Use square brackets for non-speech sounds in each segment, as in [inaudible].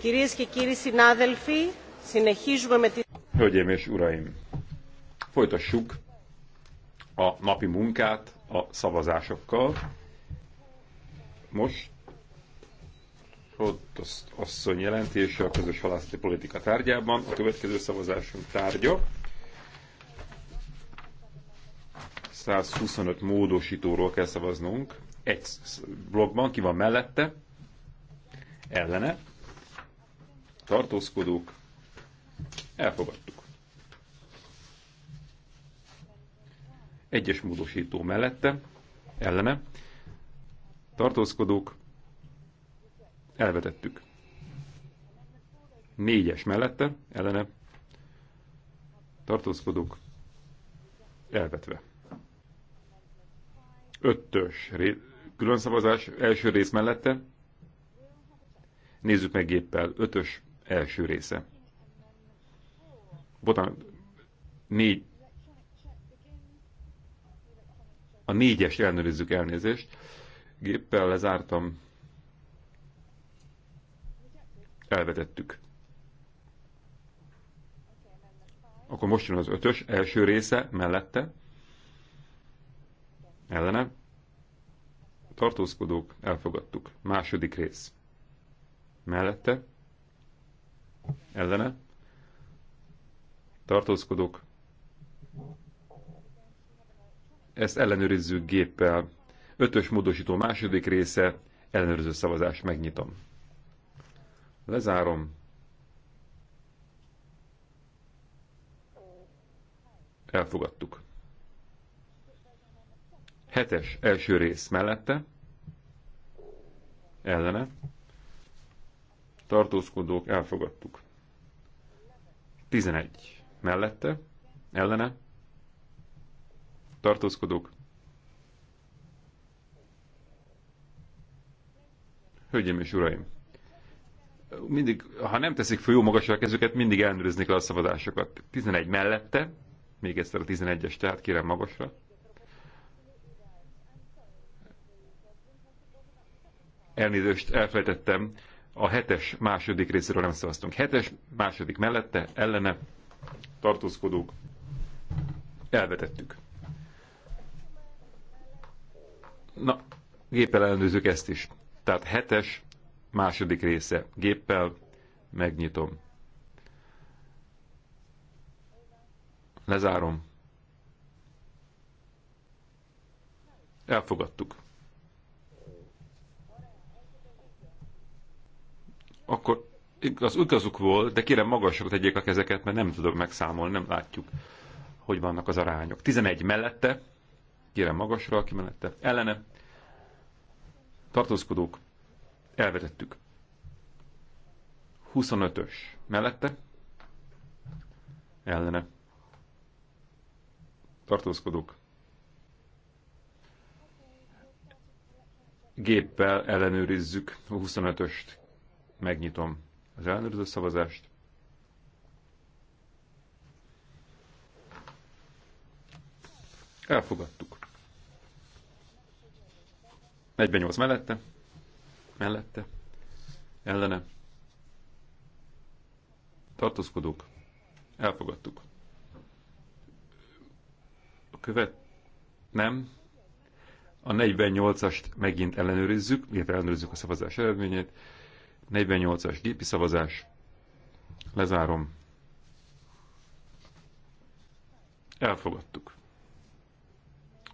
Κυρίες και κύριοι συνάδελφοι, συνεχίζουμε με τη... Hölgyeim és uraim, folytassuk a napi munkát a szavazásokkal. Most ott az asszony jelentése a közös halászati politika tárgyában. A következő szavazásunk tárgya 125 módosítóról kell szavaznunk. Egy blogban ki van mellette, ellene, tartózkodók, elfogadtuk. Egyes módosító mellette, ellene, tartózkodók, elvetettük. Négyes mellette, ellene, tartózkodók, elvetve. Ötös külön szavazás első rész mellette. Nézzük meg géppel. Ötös első része. Botán, négy. A négyes ellenőrizzük elnézést. Géppel lezártam. Elvetettük. Akkor most jön az ötös első része mellette. Ellene. Tartózkodók, elfogadtuk. Második rész. Mellette ellene, tartózkodok. ezt ellenőrizzük géppel. Ötös módosító második része, ellenőrző szavazás, megnyitom. Lezárom. Elfogadtuk. Hetes első rész mellette, ellene, tartózkodók, elfogadtuk. 11. Mellette, ellene, tartózkodók. Hölgyeim és uraim, mindig, ha nem teszik fel jó magasra a kezüket, mindig ellenőrizni kell a szavazásokat. 11 mellette, még egyszer a 11-es, tehát kérem magasra. Elnézést, elfelejtettem a hetes második részéről nem szavaztunk. Hetes második mellette, ellene tartózkodók elvetettük. Na, géppel ellenőrzük ezt is. Tehát hetes második része. Géppel megnyitom. Lezárom. Elfogadtuk. akkor az igazuk volt, de kérem magasra tegyék a kezeket, mert nem tudok megszámolni, nem látjuk, hogy vannak az arányok. 11 mellette, kérem magasra, aki mellette, ellene, tartózkodók, elvetettük. 25-ös mellette, ellene, tartózkodók, géppel ellenőrizzük a 25-öst. Megnyitom az ellenőrző szavazást. Elfogadtuk. 48 mellette, mellette, ellene. Tartózkodók. Elfogadtuk. A követ... Nem. A 48-ast megint ellenőrizzük, illetve ellenőrizzük a szavazás eredményét. 48-as gépi szavazás. Lezárom. Elfogadtuk.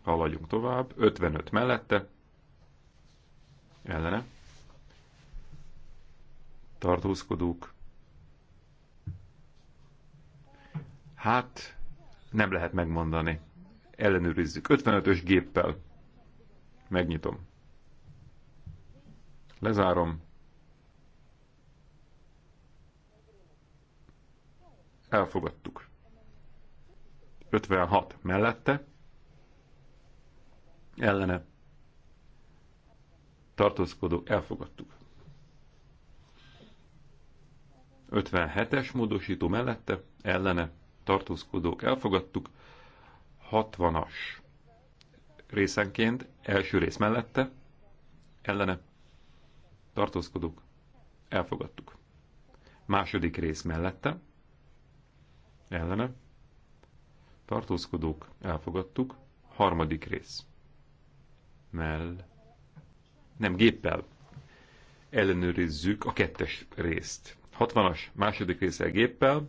Haladjunk tovább. 55 mellette. Ellene. Tartózkodók. Hát, nem lehet megmondani. Ellenőrizzük. 55-ös géppel. Megnyitom. Lezárom. elfogadtuk. 56 mellette, ellene tartózkodó elfogadtuk. 57-es módosító mellette, ellene tartózkodók elfogadtuk. 60-as részenként első rész mellette, ellene tartózkodók elfogadtuk. Második rész mellette, ellene, tartózkodók elfogadtuk, harmadik rész. Mell. Nem, géppel ellenőrizzük a kettes részt. 60-as második része géppel.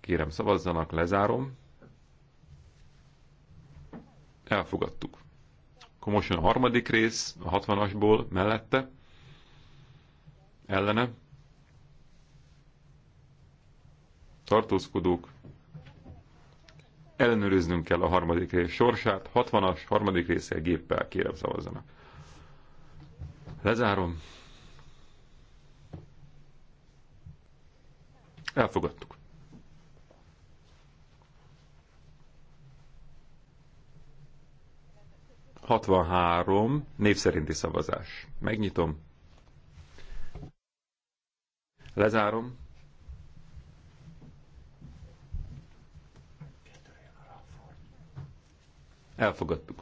Kérem szavazzanak, lezárom. Elfogadtuk. Akkor most jön a harmadik rész a 60-asból mellette. Ellene tartózkodók, ellenőriznünk kell a harmadik rész sorsát, 60-as, harmadik része géppel kérem szavazzanak. Lezárom. Elfogadtuk. Hatvanhárom név szerinti szavazás. Megnyitom. Lezárom. Elfogadtuk.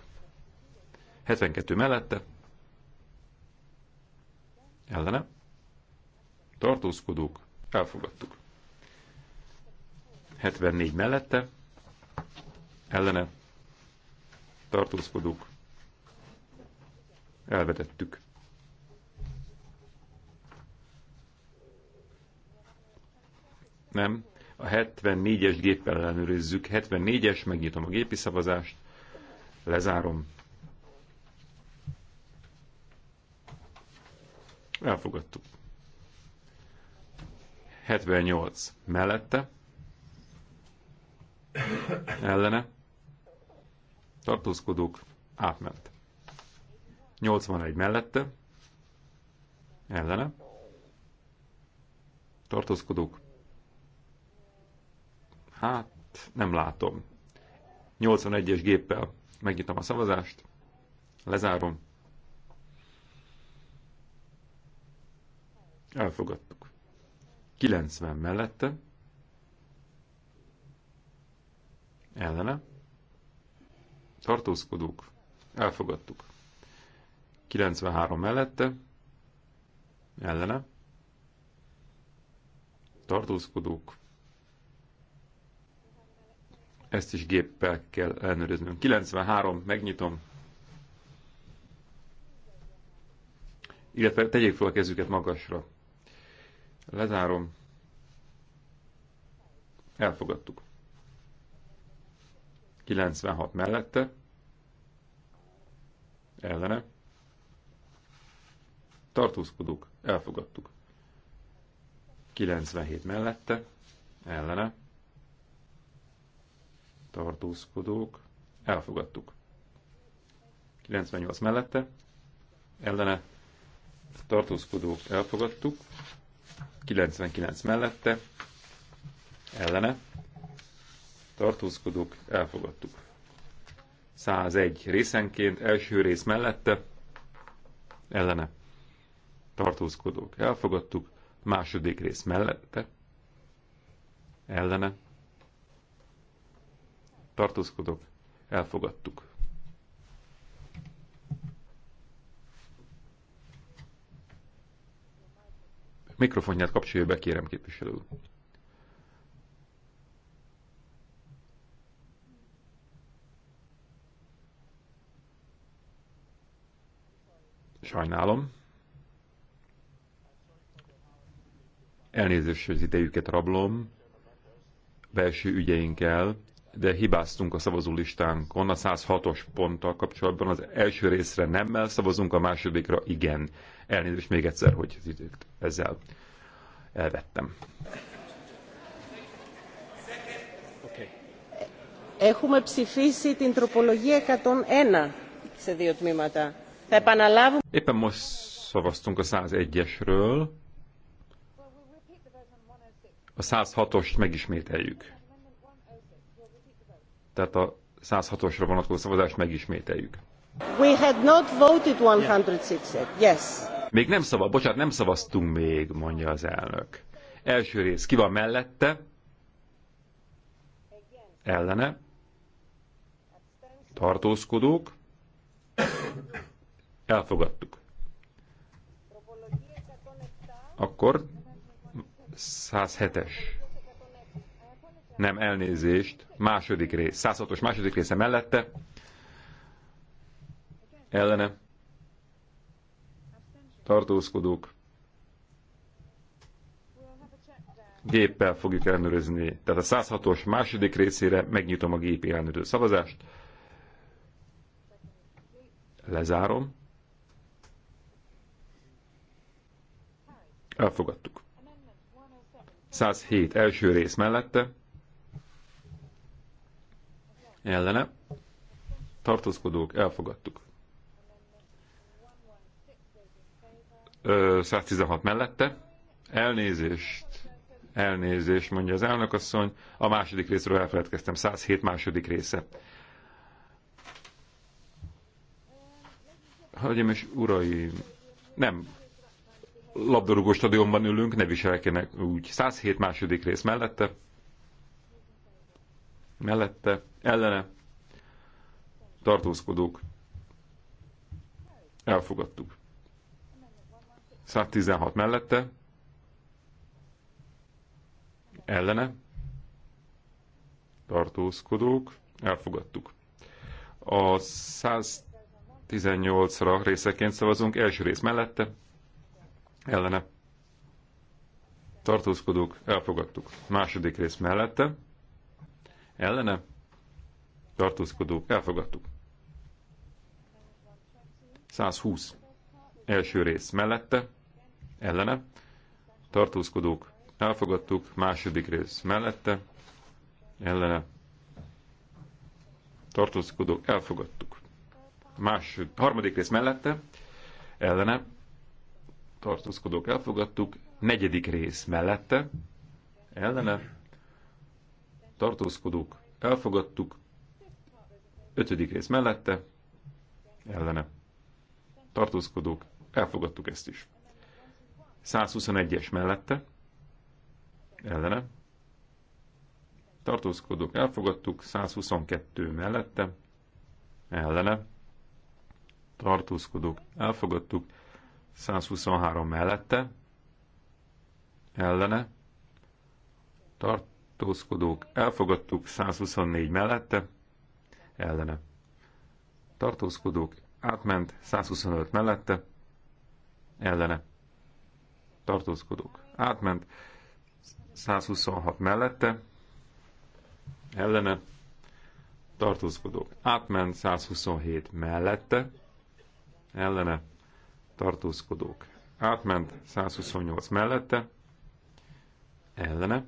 72 mellette. Ellene. Tartózkodók. Elfogadtuk. 74 mellette. Ellene. Tartózkodók. Elvetettük. Nem. A 74-es géppel ellenőrizzük. 74-es, megnyitom a gépi szavazást. Lezárom. Elfogadtuk. 78 mellette. Ellene. Tartózkodók. Átment. 81 mellette. Ellene. Tartózkodók. Hát, nem látom. 81-es géppel Megnyitom a szavazást, lezárom. Elfogadtuk. 90 mellette. Ellene. Tartózkodók. Elfogadtuk. 93 mellette. Ellene. Tartózkodók. Ezt is géppel kell ellenőriznünk. 93, megnyitom. Illetve tegyék fel a kezüket magasra. Lezárom. Elfogadtuk. 96 mellette. Ellene. Tartózkodók. Elfogadtuk. 97 mellette. Ellene tartózkodók, elfogadtuk. 98 mellette, ellene tartózkodók, elfogadtuk. 99 mellette, ellene tartózkodók, elfogadtuk. 101 részenként, első rész mellette, ellene tartózkodók, elfogadtuk. Második rész mellette, ellene tartózkodok, elfogadtuk. Mikrofonját kapcsolja be, kérem képviselő. Sajnálom. Elnézést, hogy az idejüket rablom belső ügyeinkkel, de hibáztunk a szavazólistánkon a 106-os ponttal kapcsolatban. Az első részre nemmel szavazunk, a másodikra igen. Elnézést még egyszer, hogy az időt ezzel elvettem. Έχουμε ψηφίσει την τροπολογία 101 σε δύο τμήματα. Θα επαναλάβουμε... Éppen most szavaztunk a 101-esről. A 106-ost megismételjük. Tehát a 106-osra vonatkozó szavazást megismételjük. We had not voted 106 Yes. Még nem szavaz, bocsánat, nem szavaztunk még, mondja az elnök. Első rész, ki van mellette? Ellene? Tartózkodók? Elfogadtuk. Akkor 107-es nem elnézést, második rész, 106-os második része mellette, ellene, tartózkodók, géppel fogjuk ellenőrizni. Tehát a 106-os második részére megnyitom a gépi ellenőrző szavazást, lezárom, elfogadtuk. 107 első rész mellette, ellene tartózkodók elfogadtuk. 116 mellette. Elnézést, elnézést, mondja az elnökasszony. A második részről elfeledkeztem, 107 második része. Hölgyeim és uraim, nem labdarúgó stadionban ülünk, ne viselkenek úgy. 107 második rész mellette mellette, ellene tartózkodók elfogadtuk. 116 mellette, ellene tartózkodók elfogadtuk. A 118-ra részeként szavazunk, első rész mellette, ellene tartózkodók elfogadtuk. Második rész mellette, ellene tartózkodók elfogadtuk. 120 első rész mellette, ellene, tartózkodók elfogadtuk, második rész mellette, ellene, tartózkodók elfogadtuk. Más, harmadik rész mellette, ellene, tartózkodók elfogadtuk, negyedik rész mellette, ellene, tartózkodók, elfogadtuk. Ötödik rész mellette, ellene, tartózkodók, elfogadtuk ezt is. 121-es mellette, ellene, tartózkodók, elfogadtuk. 122 mellette, ellene, tartózkodók, elfogadtuk. 123 mellette, ellene, tart, tartózkodók elfogadtuk 124 mellette, ellene. Tartózkodók átment 125 mellette, ellene. Tartózkodók átment 126 mellette, ellene. Tartózkodók átment 127 mellette, ellene. Tartózkodók átment 128 mellette, ellene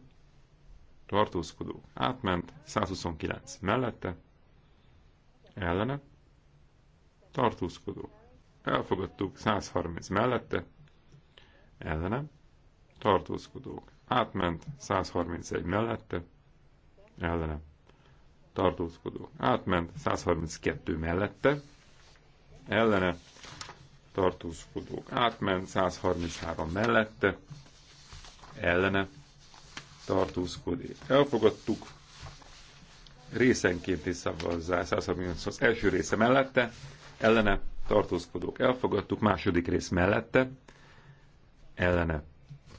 tartózkodó átment, 129 mellette, ellene, tartózkodó. Elfogadtuk 130 mellette, ellene, tartózkodók. Átment 131 mellette, ellene, tartózkodó. Átment 132 mellette, ellene, tartózkodók. Átment 133 mellette, ellene, tartózkodni. Elfogadtuk is szavazzás, 138 első része mellette, ellene tartózkodók elfogadtuk, második rész mellette, ellene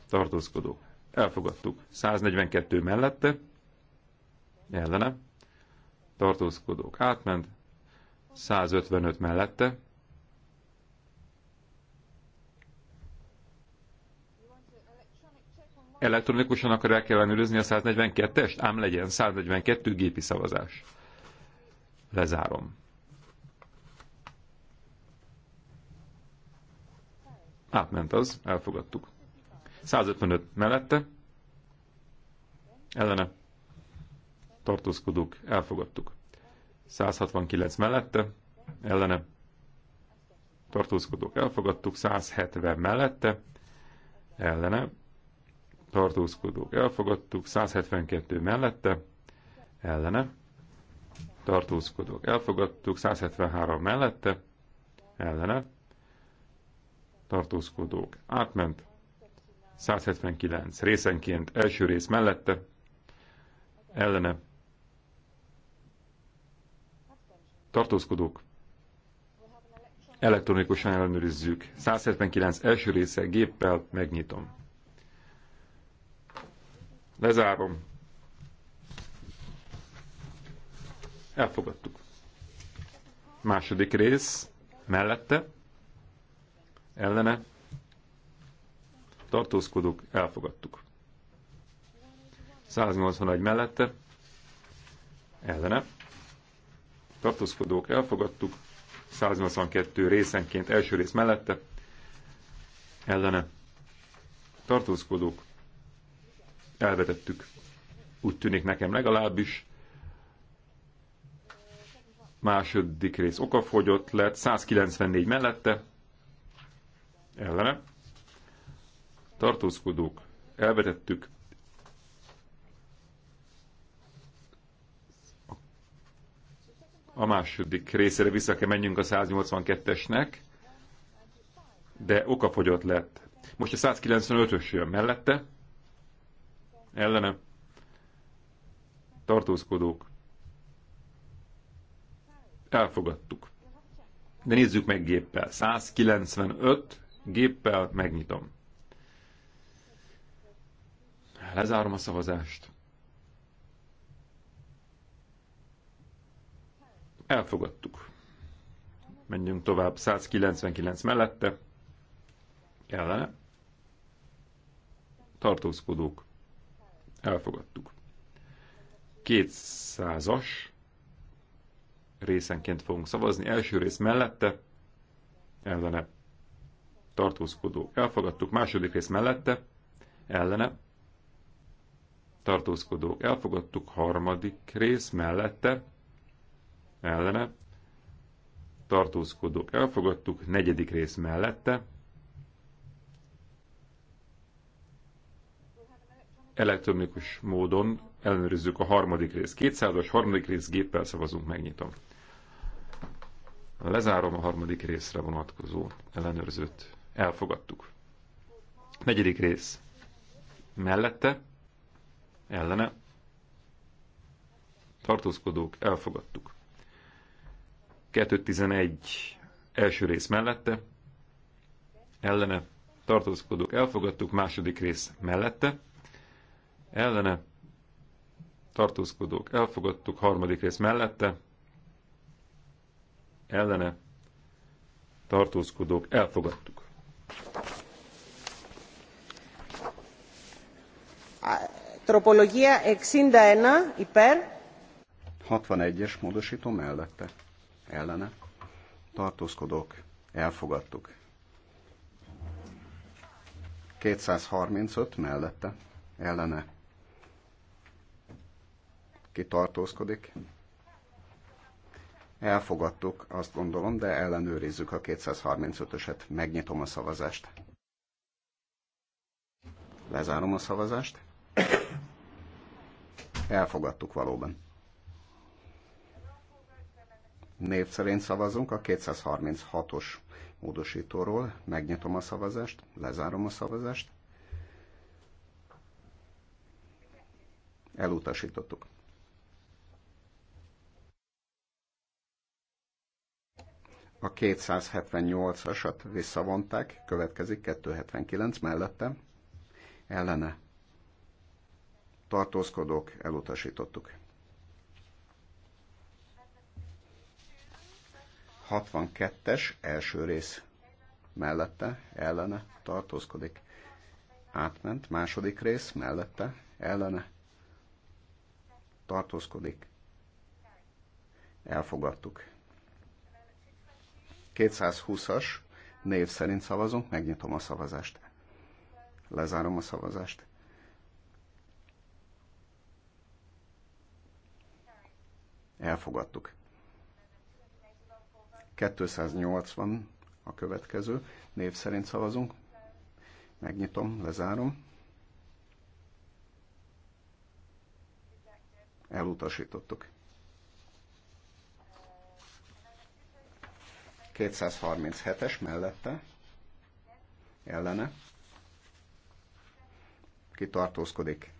tartózkodók elfogadtuk, 142 mellette, ellene tartózkodók átment, 155 mellette, elektronikusan akar el kell ellenőrizni a 142-est, ám legyen 142 gépi szavazás. Lezárom. Átment az, elfogadtuk. 155 mellette, ellene tartózkodók, elfogadtuk. 169 mellette, ellene tartózkodók, elfogadtuk. 170 mellette, ellene tartózkodók elfogadtuk, 172 mellette, ellene, tartózkodók elfogadtuk, 173 mellette, ellene, tartózkodók átment, 179 részenként első rész mellette, ellene, tartózkodók elektronikusan ellenőrizzük. 179 első része géppel megnyitom. Lezárom. Elfogadtuk. Második rész mellette, ellene, tartózkodók, elfogadtuk. 181 mellette, ellene, tartózkodók, elfogadtuk. 182 részenként első rész mellette, ellene, tartózkodók, elvetettük. Úgy tűnik nekem legalábbis. Második rész okafogyott lett, 194 mellette, ellene. Tartózkodók, elvetettük. A második részére vissza kell menjünk a 182-esnek, de okafogyott lett. Most a 195-ös jön mellette, ellene tartózkodók elfogadtuk. De nézzük meg géppel. 195 géppel megnyitom. Lezárom a szavazást. Elfogadtuk. Menjünk tovább. 199 mellette. Ellene. Tartózkodók. Elfogadtuk. Kétszázas részenként fogunk szavazni. Első rész mellette, ellene tartózkodó. Elfogadtuk. Második rész mellette, ellene tartózkodó. Elfogadtuk. Harmadik rész mellette, ellene tartózkodók elfogadtuk, negyedik rész mellette, elektronikus módon ellenőrizzük a harmadik rész. 200-as harmadik rész géppel szavazunk, megnyitom. Lezárom a harmadik részre vonatkozó ellenőrzőt. Elfogadtuk. Negyedik rész. Mellette, ellene, tartózkodók, elfogadtuk. 211 első rész mellette, ellene, tartózkodók, elfogadtuk, második rész mellette, ellene tartózkodók elfogadtuk, harmadik rész mellette ellene tartózkodók elfogadtuk. Tropológia 61 iper. 61-es módosító mellette ellene tartózkodók elfogadtuk. 235 mellette ellene ki tartózkodik. Elfogadtuk, azt gondolom, de ellenőrizzük a 235-öset. Megnyitom a szavazást. Lezárom a szavazást. Elfogadtuk valóban. Név szerint szavazunk a 236-os módosítóról. Megnyitom a szavazást, lezárom a szavazást. Elutasítottuk. A 278-asat visszavonták, következik 279 mellette, ellene tartózkodók, elutasítottuk. 62-es első rész mellette, ellene tartózkodik. Átment, második rész mellette, ellene tartózkodik. Elfogadtuk. 220-as név szerint szavazunk, megnyitom a szavazást. Lezárom a szavazást. Elfogadtuk. 280 a következő. Név szerint szavazunk. Megnyitom, lezárom. Elutasítottuk. 237-es mellette, ellene, kitartózkodik,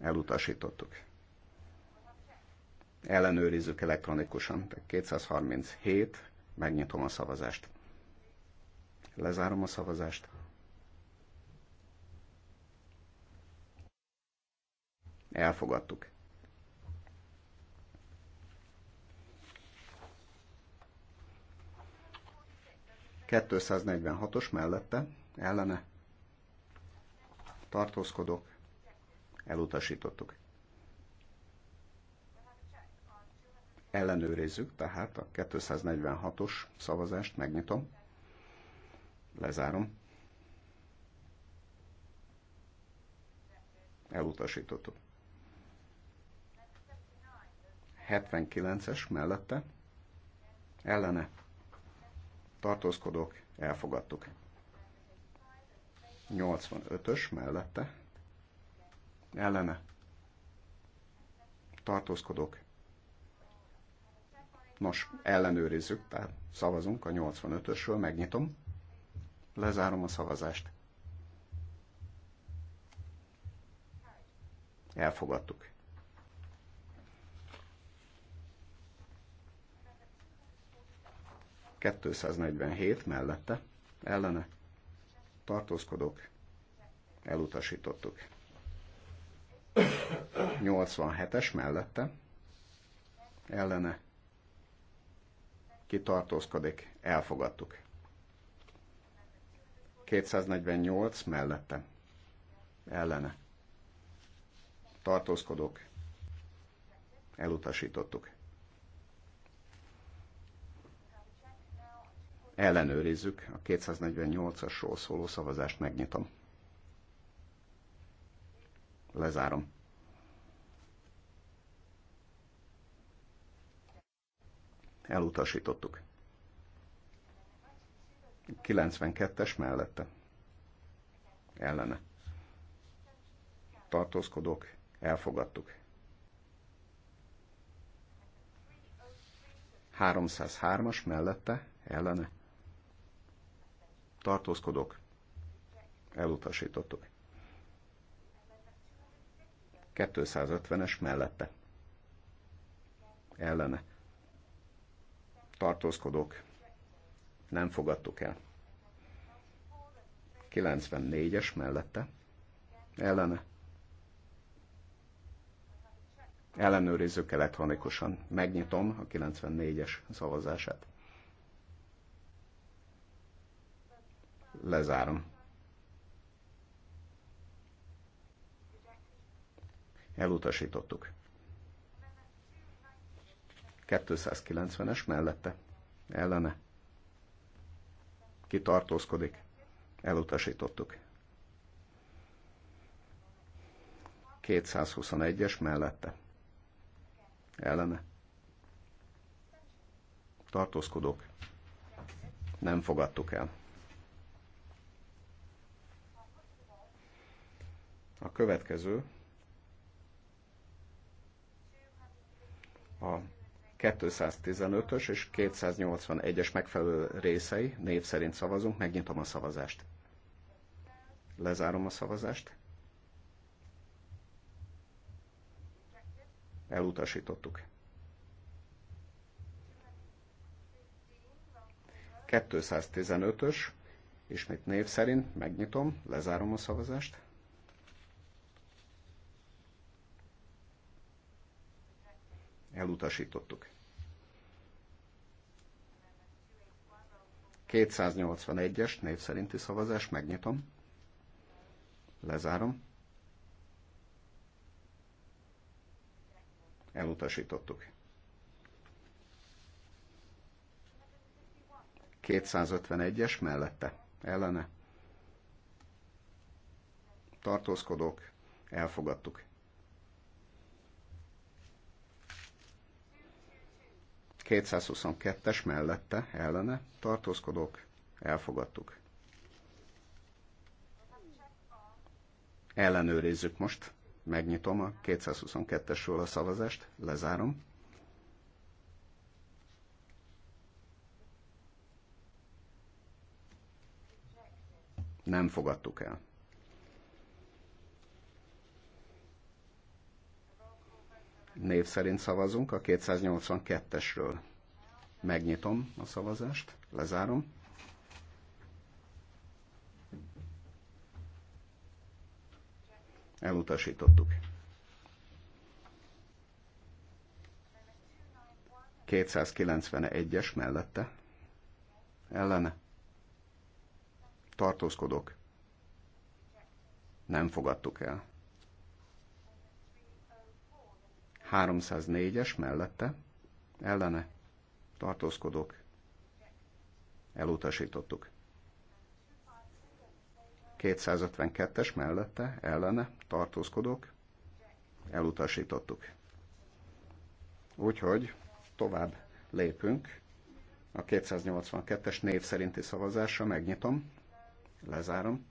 elutasítottuk. Ellenőrizzük elektronikusan, 237, megnyitom a szavazást. Lezárom a szavazást. Elfogadtuk. 246-os mellette ellene tartózkodók elutasítottuk. Ellenőrizzük tehát a 246-os szavazást, megnyitom, lezárom. Elutasítottuk. 79-es mellette ellene tartózkodók, elfogadtuk. 85-ös mellette, ellene, tartózkodók. Nos, ellenőrizzük, tehát szavazunk a 85-ösről, megnyitom, lezárom a szavazást. Elfogadtuk. 247 mellette ellene tartózkodók elutasítottuk. 87-es mellette ellene kitartózkodik, elfogadtuk. 248 mellette ellene tartózkodók elutasítottuk. ellenőrizzük a 248-asról szóló szavazást, megnyitom. Lezárom. Elutasítottuk. 92-es mellette. Ellene. Tartózkodók, elfogadtuk. 303-as mellette, ellene tartózkodok, elutasítottuk. 250-es mellette. Ellene. Tartózkodok. Nem fogadtuk el. 94-es mellette. Ellene. Ellenőrizzük elektronikusan. Megnyitom a 94-es szavazását. lezárom. Elutasítottuk. 290-es mellette, ellene. Ki Elutasítottuk. 221-es mellette, ellene. Tartózkodók. Nem fogadtuk el. A következő a 215-ös és 281-es megfelelő részei, név szerint szavazunk, megnyitom a szavazást. Lezárom a szavazást. Elutasítottuk. 215-ös, ismét név szerint megnyitom, lezárom a szavazást. elutasítottuk. 281-es név szerinti szavazás, megnyitom, lezárom, elutasítottuk. 251-es mellette, ellene, tartózkodók, elfogadtuk. 222-es mellette ellene tartózkodók elfogadtuk. Ellenőrizzük most. Megnyitom a 222-esről a szavazást, lezárom. Nem fogadtuk el. Név szerint szavazunk a 282-esről. Megnyitom a szavazást, lezárom. Elutasítottuk. 291-es mellette. Ellene. Tartózkodok. Nem fogadtuk el. 304-es mellette ellene tartózkodók elutasítottuk. 252-es mellette ellene tartózkodók elutasítottuk. Úgyhogy tovább lépünk. A 282-es név szerinti szavazásra megnyitom, lezárom.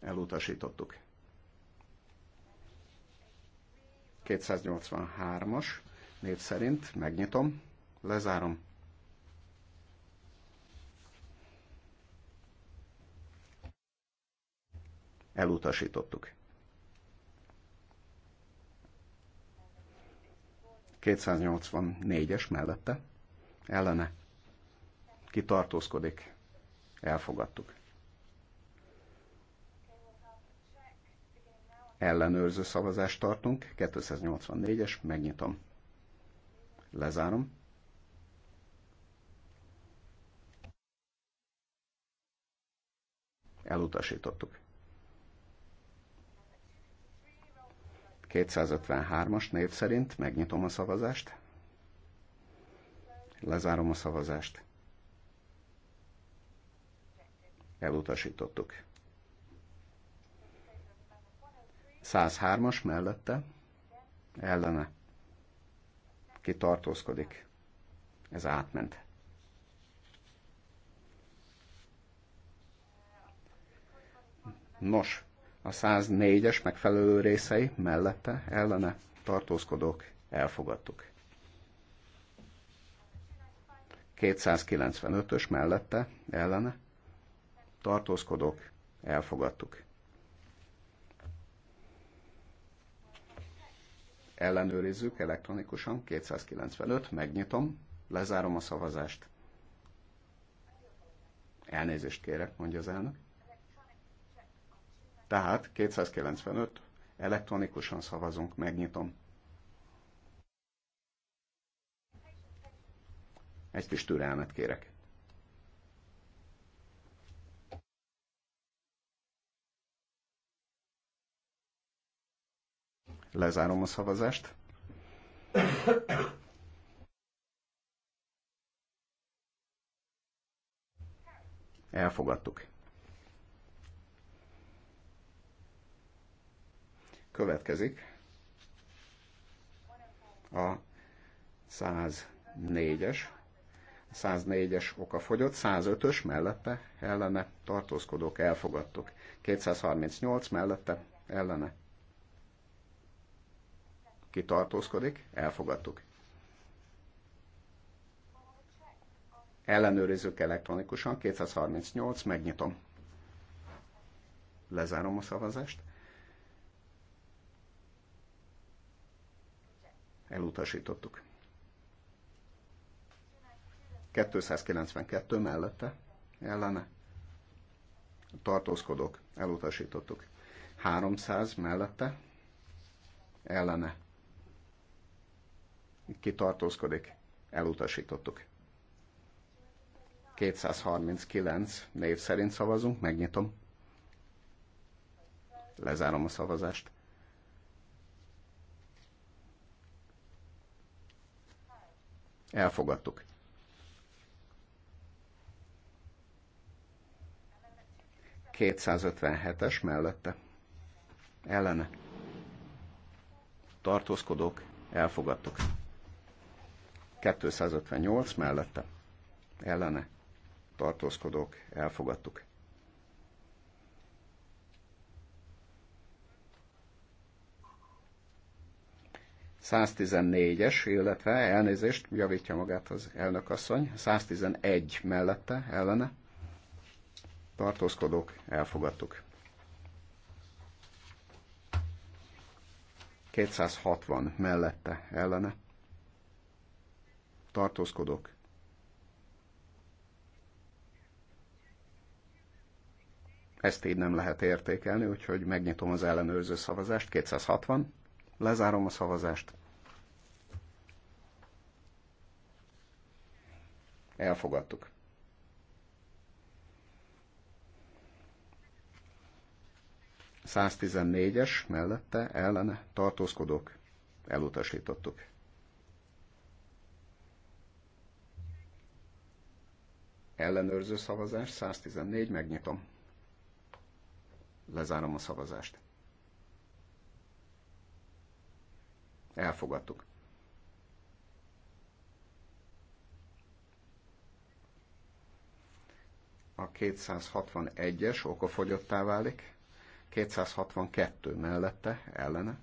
Elutasítottuk. 283-as név szerint megnyitom, lezárom. Elutasítottuk. 284-es mellette, ellene, kitartózkodik, elfogadtuk. ellenőrző szavazást tartunk, 284-es, megnyitom. Lezárom. Elutasítottuk. 253-as név szerint megnyitom a szavazást. Lezárom a szavazást. Elutasítottuk. 103-as mellette ellene ki tartózkodik. Ez átment. Nos, a 104-es megfelelő részei mellette ellene tartózkodók elfogadtuk. 295-ös mellette ellene tartózkodók elfogadtuk. ellenőrizzük elektronikusan, 295, megnyitom, lezárom a szavazást. Elnézést kérek, mondja az elnök. Tehát 295, elektronikusan szavazunk, megnyitom. Egy kis türelmet kérek. Lezárom a szavazást. Elfogadtuk. Következik a 104-es, 104-es oka fogyott, 105-ös mellette, ellene tartózkodók elfogadtuk, 238 mellette, ellene kitartózkodik, elfogadtuk. Ellenőrizzük elektronikusan, 238, megnyitom. Lezárom a szavazást. Elutasítottuk. 292 mellette, ellene. Tartózkodok, elutasítottuk. 300 mellette, ellene ki tartózkodik, elutasítottuk. 239 név szerint szavazunk, megnyitom. Lezárom a szavazást. Elfogadtuk. Kétszázötvenhetes mellette. Ellene. Tartózkodók, elfogadtuk. 258 mellette ellene tartózkodók elfogadtuk. ...114-es, illetve elnézést, javítja magát az elnökasszony, 111 mellette, ellene, tartózkodók, elfogadtuk. 260 mellette, ellene, tartózkodok. Ezt így nem lehet értékelni, úgyhogy megnyitom az ellenőrző szavazást. 260. Lezárom a szavazást. Elfogadtuk. es mellette ellene tartózkodók elutasítottuk. ellenőrző szavazás, 114, megnyitom. Lezárom a szavazást. Elfogadtuk. A 261-es okofogyottá válik, 262 mellette, ellene.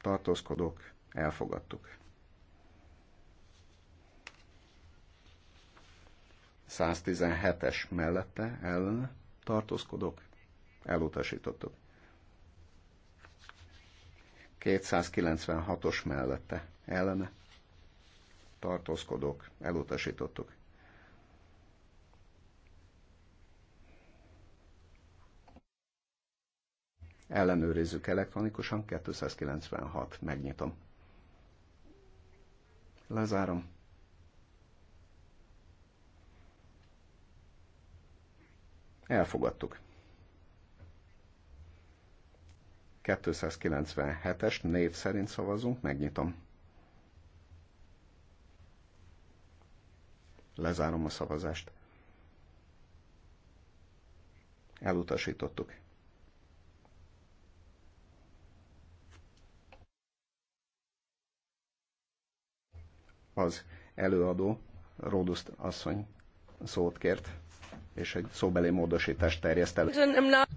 Tartózkodók, elfogadtuk. 117-es mellette ellen tartózkodok, elutasítottuk. 296-os mellette ellene tartózkodók, elutasítottuk. Ellenőrizzük elektronikusan, 296, megnyitom. Lezárom. Elfogadtuk. 297-es név szerint szavazunk, megnyitom. Lezárom a szavazást. Elutasítottuk. Az előadó, Róduszt asszony szót kért és egy szóbeli módosítást terjeszt el.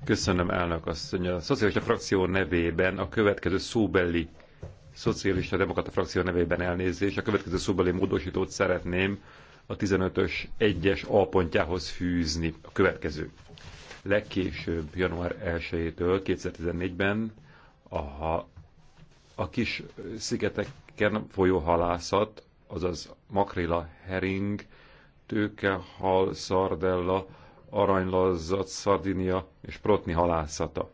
Köszönöm, elnök asszony. A szocialista frakció nevében a következő szóbeli szocialista demokrata frakció nevében elnézést. A következő szóbeli módosítót szeretném a 15-ös 1-es A pontjához fűzni. A következő. Legkésőbb január 1-től 2014-ben a, a kis szigeteken folyó halászat, azaz makrila, hering, hal szardella, aranylazzat, szardinia és protni halászata.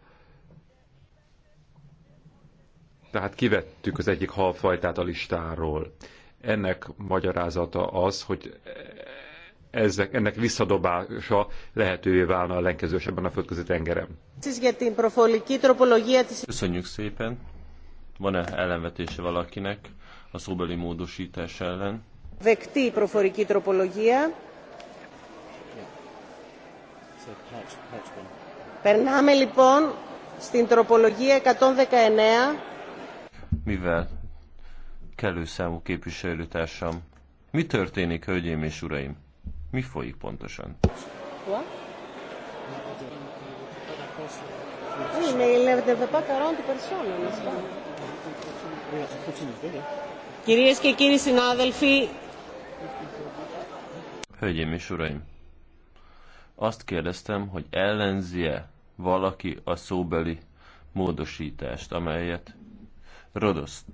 Tehát kivettük az egyik halfajtát a listáról. Ennek magyarázata az, hogy ezek, ennek visszadobása lehetővé válna a ellenkező ebben a földközi tengerem. Köszönjük szépen! Van-e ellenvetése valakinek a szóbeli módosítás ellen? Δεκτή η προφορική τροπολογία. Περνάμε λοιπόν στην τροπολογία 119. Mivel kellő számú képviselőtársam, mi történik, hölgyeim és uraim? Mi folyik pontosan? What? Oui, mais il ne devait pas 40 personnes, n'est-ce pas? Κυρίες και κύριοι συνάδελφοι, Hölgyeim és uraim, azt kérdeztem, hogy ellenzie valaki a szóbeli módosítást, amelyet Rodosz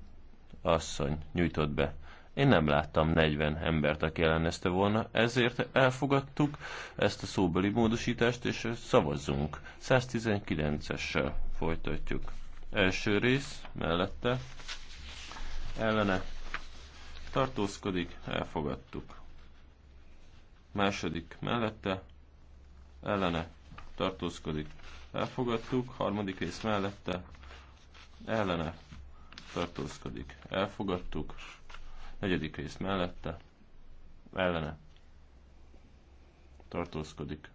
asszony nyújtott be. Én nem láttam 40 embert, aki ellenezte volna, ezért elfogadtuk ezt a szóbeli módosítást, és szavazzunk. 119-essel folytatjuk. Első rész, mellette, ellene, tartózkodik, elfogadtuk második mellette, ellene tartózkodik, elfogadtuk, harmadik rész mellette, ellene tartózkodik, elfogadtuk, negyedik rész mellette, ellene tartózkodik.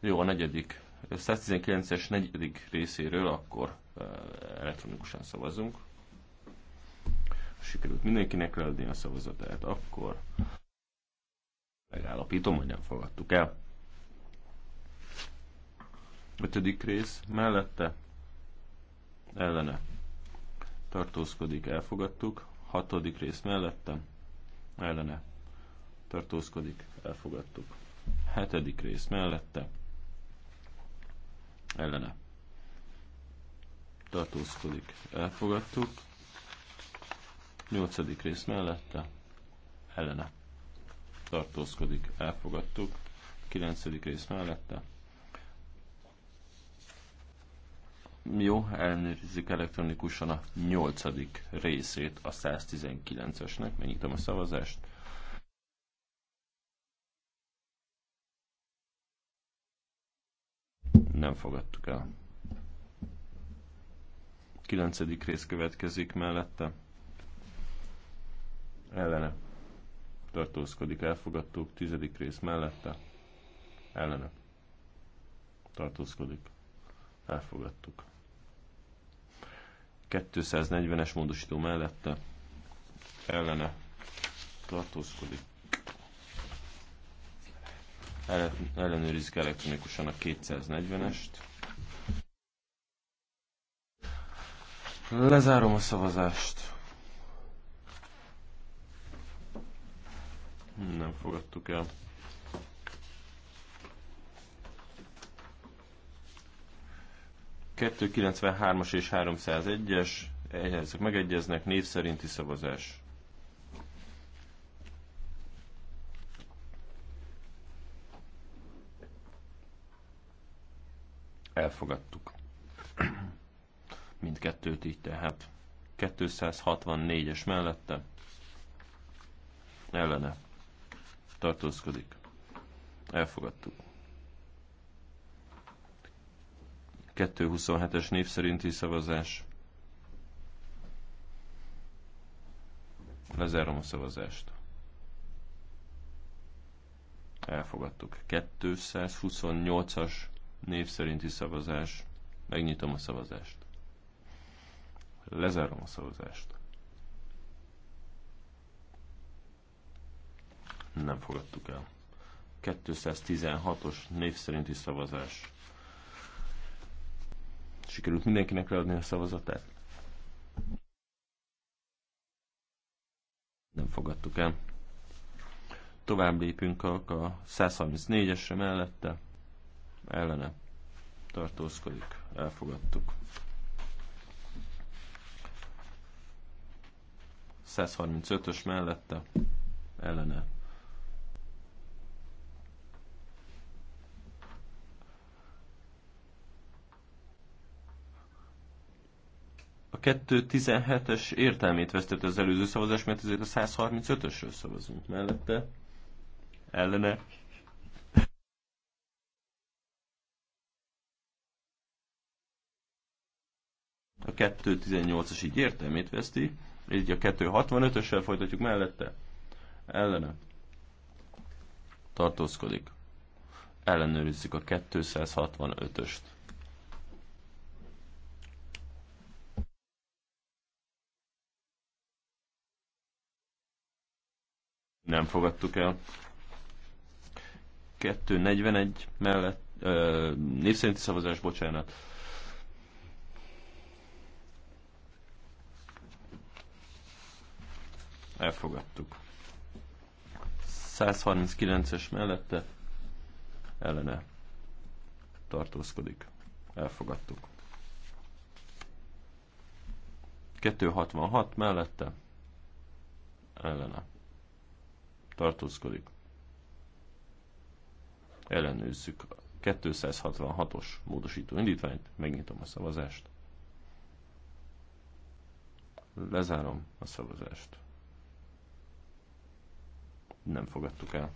Jó, a negyedik, 119-es negyedik részéről akkor eh, elektronikusan szavazunk. Sikerült mindenkinek leadni a szavazatát, akkor Megállapítom, hogy nem fogadtuk el. Ötödik rész mellette ellene tartózkodik, elfogadtuk. Hatodik rész mellette ellene tartózkodik, elfogadtuk. Hetedik rész mellette ellene tartózkodik, elfogadtuk. Nyolcadik rész mellette ellene tartózkodik, elfogadtuk. 9. rész mellette. Jó, elnézik elektronikusan a 8. részét a 119-esnek. Megnyitom a szavazást. Nem fogadtuk el. 9. rész következik mellette. Ellene tartózkodik, elfogadtuk, tizedik rész mellette, ellene, tartózkodik, elfogadtuk. 240-es módosító mellette, ellene, tartózkodik, ellenőrizik elektronikusan a 240-est. Lezárom a szavazást. nem fogadtuk el. Kettő 93-as és 301-es, ezek megegyeznek, név szerinti szavazás. Elfogadtuk. Mindkettőt így tehát. 264-es mellette ellene tartózkodik. Elfogadtuk. 227-es név szerinti szavazás. Lezárom a szavazást. Elfogadtuk. 228-as név szerinti szavazás. Megnyitom a szavazást. Lezárom a szavazást. nem fogadtuk el. 216-os név szerinti szavazás. Sikerült mindenkinek leadni a szavazatát? Nem fogadtuk el. Tovább lépünk a, 134-esre mellette. Ellene tartózkodik. Elfogadtuk. 135-ös mellette ellene 2.17-es értelmét vesztette az előző szavazás, mert ezért a 135-ösről szavazunk mellette. Ellene. A 2.18-as így értelmét veszti, így a 2.65-össel folytatjuk mellette. Ellene. Tartózkodik. Ellenőrizzük a 265-öst. nem fogadtuk el. 241 mellett ö, név szerinti szavazás, bocsánat. Elfogadtuk. 139-es mellette ellene tartózkodik. Elfogadtuk. 266 mellette ellene tartózkodik. Ellenőrzzük a 266-os módosító indítványt, megnyitom a szavazást. Lezárom a szavazást. Nem fogadtuk el.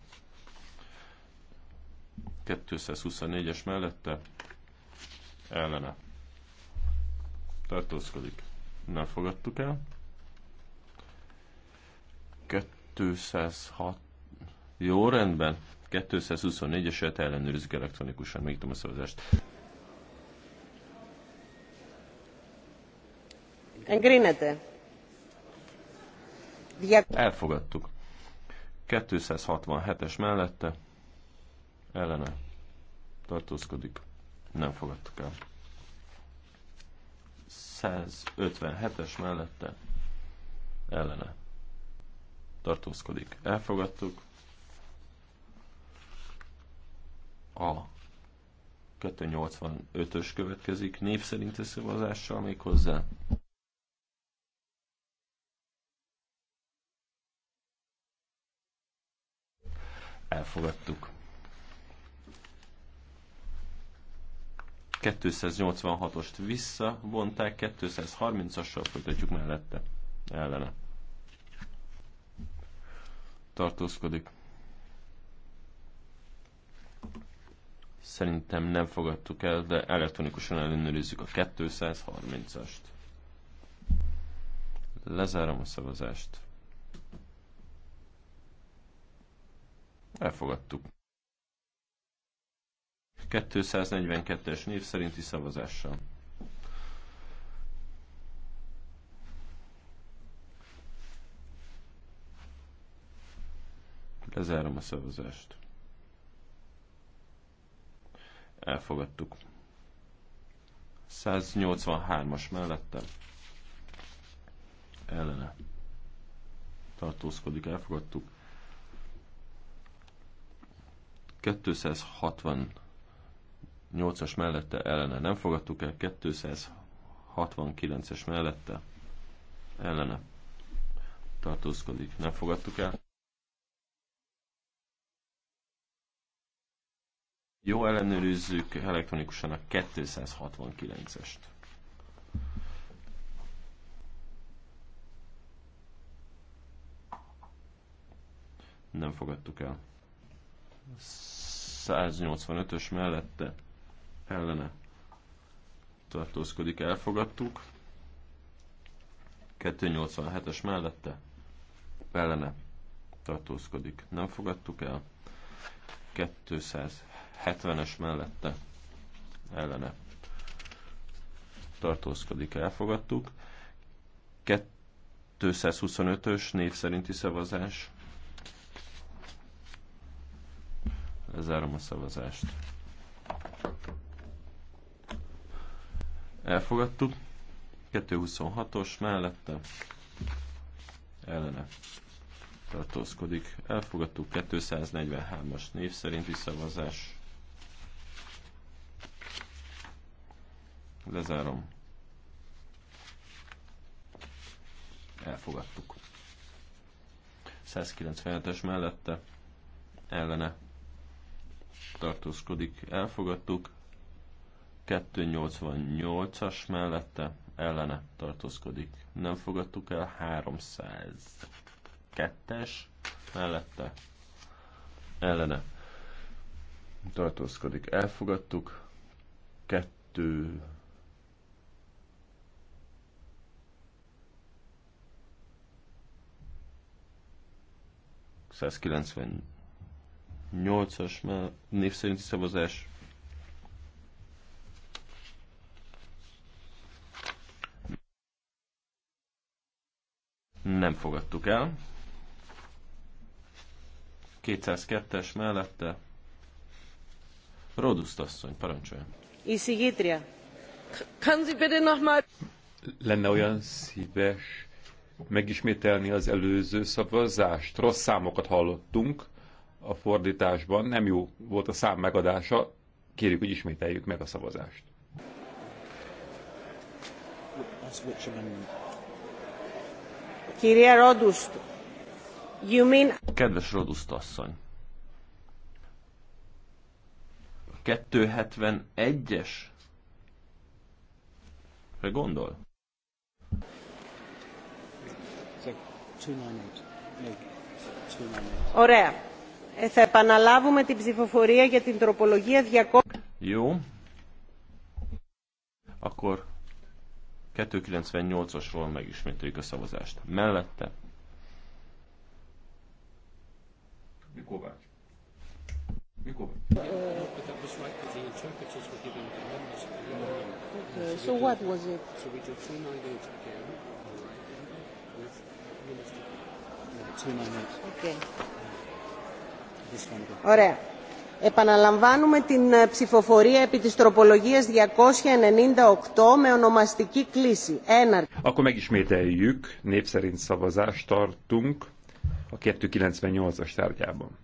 224-es mellette ellene tartózkodik. Nem fogadtuk el. 206. Jó, rendben. 224-eset ellenőrizik elektronikusan. tudom a szavazást. Elfogadtuk. 267-es mellette ellene tartózkodik. Nem fogadtuk el. 157-es mellette ellene tartózkodik. Elfogadtuk. A 285-ös következik név szerinti még hozzá. Elfogadtuk. 286-ost visszavonták, 230-assal folytatjuk mellette, ellene tartózkodik. Szerintem nem fogadtuk el, de elektronikusan ellenőrizzük a 230-ast. Lezárom a szavazást. Elfogadtuk. 242-es név szerinti szavazással. Lezárom a szavazást. Elfogadtuk. 183-as mellette. Ellene. Tartózkodik, elfogadtuk. 268-as mellette ellene nem fogadtuk el, 269-es mellette ellene tartózkodik, nem fogadtuk el. Jó, ellenőrizzük elektronikusan a 269-est. Nem fogadtuk el. 185-ös mellette ellene tartózkodik, elfogadtuk. 287-es mellette ellene tartózkodik, nem fogadtuk el. 200 70-es mellette ellene tartózkodik, elfogadtuk. 225-ös név szerinti szavazás. Lezárom a szavazást. Elfogadtuk. 226-os mellette ellene tartózkodik. Elfogadtuk 243-as név szerinti szavazás. Lezárom. Elfogadtuk. 197-es mellette ellene tartózkodik. Elfogadtuk. 288-as mellette ellene tartózkodik. Nem fogadtuk el 302-es mellette ellene tartózkodik. Elfogadtuk. 2 198-as név szerinti szavazás. Nem fogadtuk el. 202-es mellette. Roduszt asszony, parancsoljon. Lenne olyan szíves, megismételni az előző szavazást. Rossz számokat hallottunk a fordításban, nem jó volt a szám megadása, kérjük, hogy ismételjük meg a szavazást. Kérje Rodust, you mean... Kedves Rodust asszony, 271-esre gondol? Ωραία. Ε, θα επαναλάβουμε την ψηφοφορία για την τροπολογία 200. Jó. Akkor 298-asról megismételjük a szavazást. Mellette. Mikovács. Uh, so what was it? So we did 398 again. Uh, Ωραία. Επαναλαμβάνουμε την ψηφοφορία επί της τροπολογίας 298 με ονομαστική κλίση. Έναρξη. Akkor megismételjük, népszerint szavazást tartunk a 298-as tárgyában.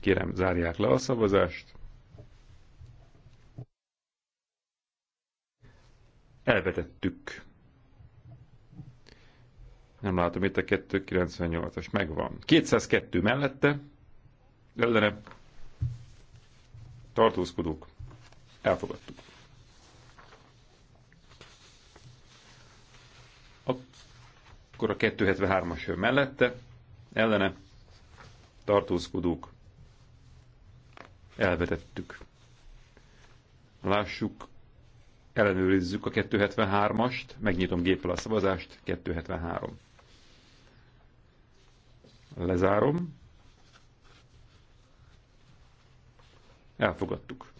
Kérem, zárják le a szavazást. Elvetettük nem látom itt a 298-as. Megvan. 202 mellette. Ellene. Tartózkodók. Elfogadtuk. Akkor a 273-as jön mellette. Ellene. Tartózkodók. Elvetettük. Lássuk ellenőrizzük a 273-ast, megnyitom géppel a szavazást, 273. Lezárom. Elfogadtuk.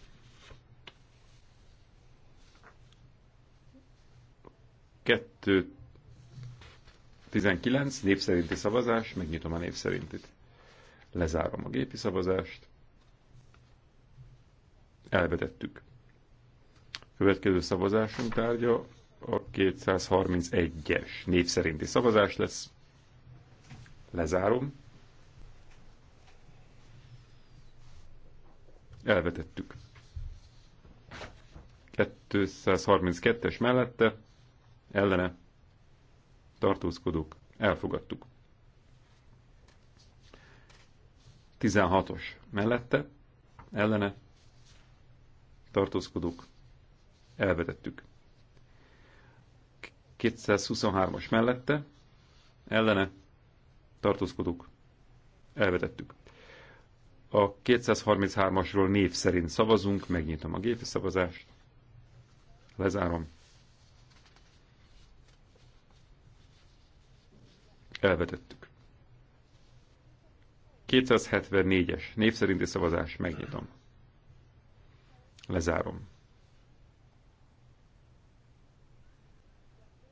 Kettő 19, népszerinti szavazás, megnyitom a népszerintit. Lezárom a gépi szavazást. Elvetettük. Következő szavazásunk tárgya a 231-es népszerinti szavazás lesz. Lezárom. Elvetettük. 232-es mellette, ellene, tartózkodók, elfogadtuk. 16-os mellette, ellene, tartózkodók, elvetettük. 223-as mellette, ellene, tartózkodók, elvetettük. A 233-asról név szerint szavazunk, megnyitom a gépi szavazást, lezárom. Elvetettük. 274-es név szerinti szavazás, megnyitom. Lezárom.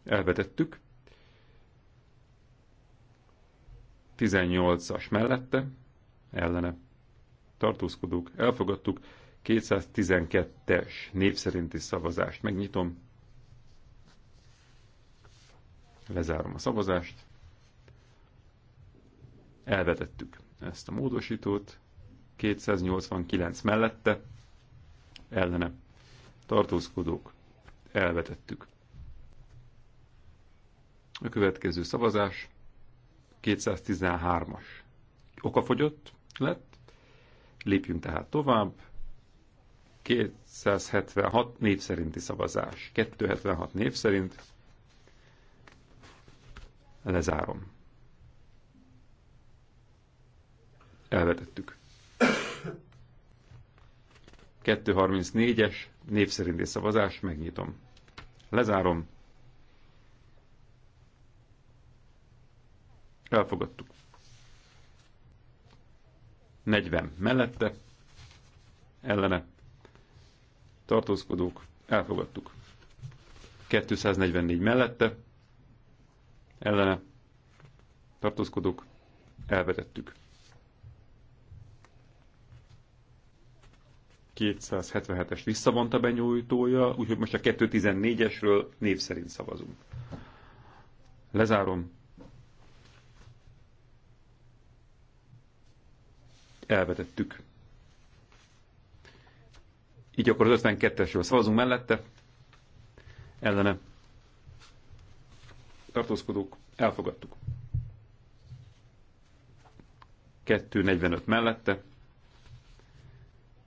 Elvetettük. 218-as mellette, ellene tartózkodók, elfogadtuk 212-es népszerinti szavazást. Megnyitom, lezárom a szavazást, elvetettük ezt a módosítót, 289 mellette, ellene tartózkodók, elvetettük. A következő szavazás 213-as okafogyott lett. Lépjünk tehát tovább. 276 név szerinti szavazás. 276 név szerint lezárom. Elvetettük. 234-es név szerinti szavazás, megnyitom. Lezárom. Elfogadtuk. 40 mellette, ellene, tartózkodók, elfogadtuk. 244 mellette, ellene, tartózkodók, elvetettük. 277-es visszavonta benyújtója, úgyhogy most a 214-esről név szerint szavazunk. Lezárom. elvetettük. Így akkor az 52-esről szavazunk mellette, ellene tartózkodók, elfogadtuk. 2.45 mellette,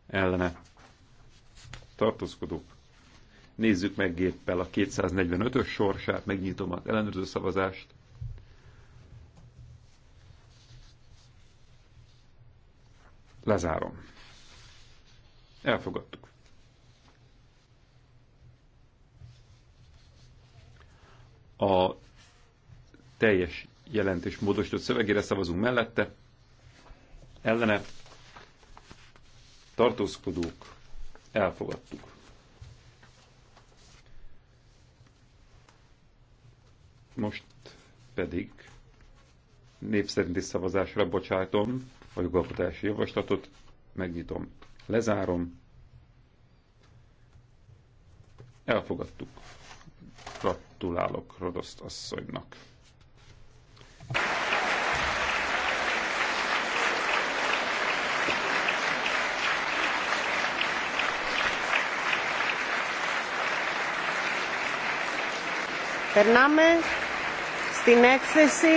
ellene tartózkodók. Nézzük meg géppel a 245-ös sorsát, megnyitom az ellenőrző szavazást. Lezárom. Elfogadtuk. A teljes jelentés módosított szövegére szavazunk mellette. Ellene tartózkodók elfogadtuk. Most pedig népszerinti szavazásra bocsátom a jogalkotási javaslatot. Megnyitom, lezárom. Elfogadtuk. Gratulálok Rodoszt asszonynak. Περνάμε στην έκθεση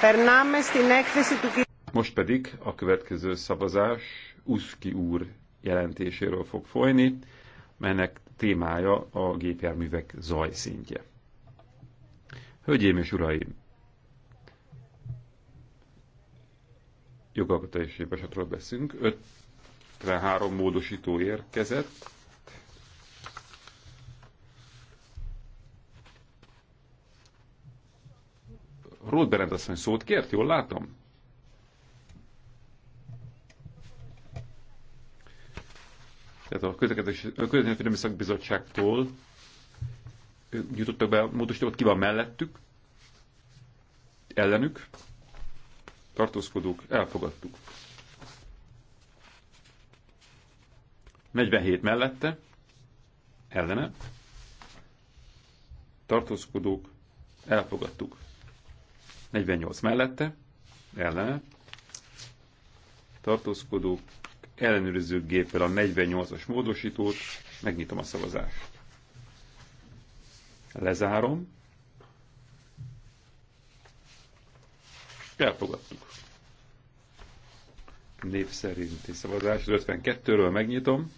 Περνάμε στην έκθεση του most pedig a következő szavazás Uszki úr jelentéséről fog folyni, melynek témája a gépjárművek zajszintje. Hölgyeim és uraim! Jogalkotási javaslatról beszünk. 53 módosító érkezett. azt mondja, szót kért, jól látom? tehát a Közlekedésvédelmi Szakbizottságtól jutottak be a módosítókat, ki van mellettük, ellenük, tartózkodók, elfogadtuk. 47 mellette, ellene, tartózkodók, elfogadtuk. 48 mellette, ellene, tartózkodók, ellenőrző géppel a 48-as módosítót, megnyitom a szavazást. Lezárom. Elfogadtuk. Név szerinti szavazás. Az 52-ről megnyitom.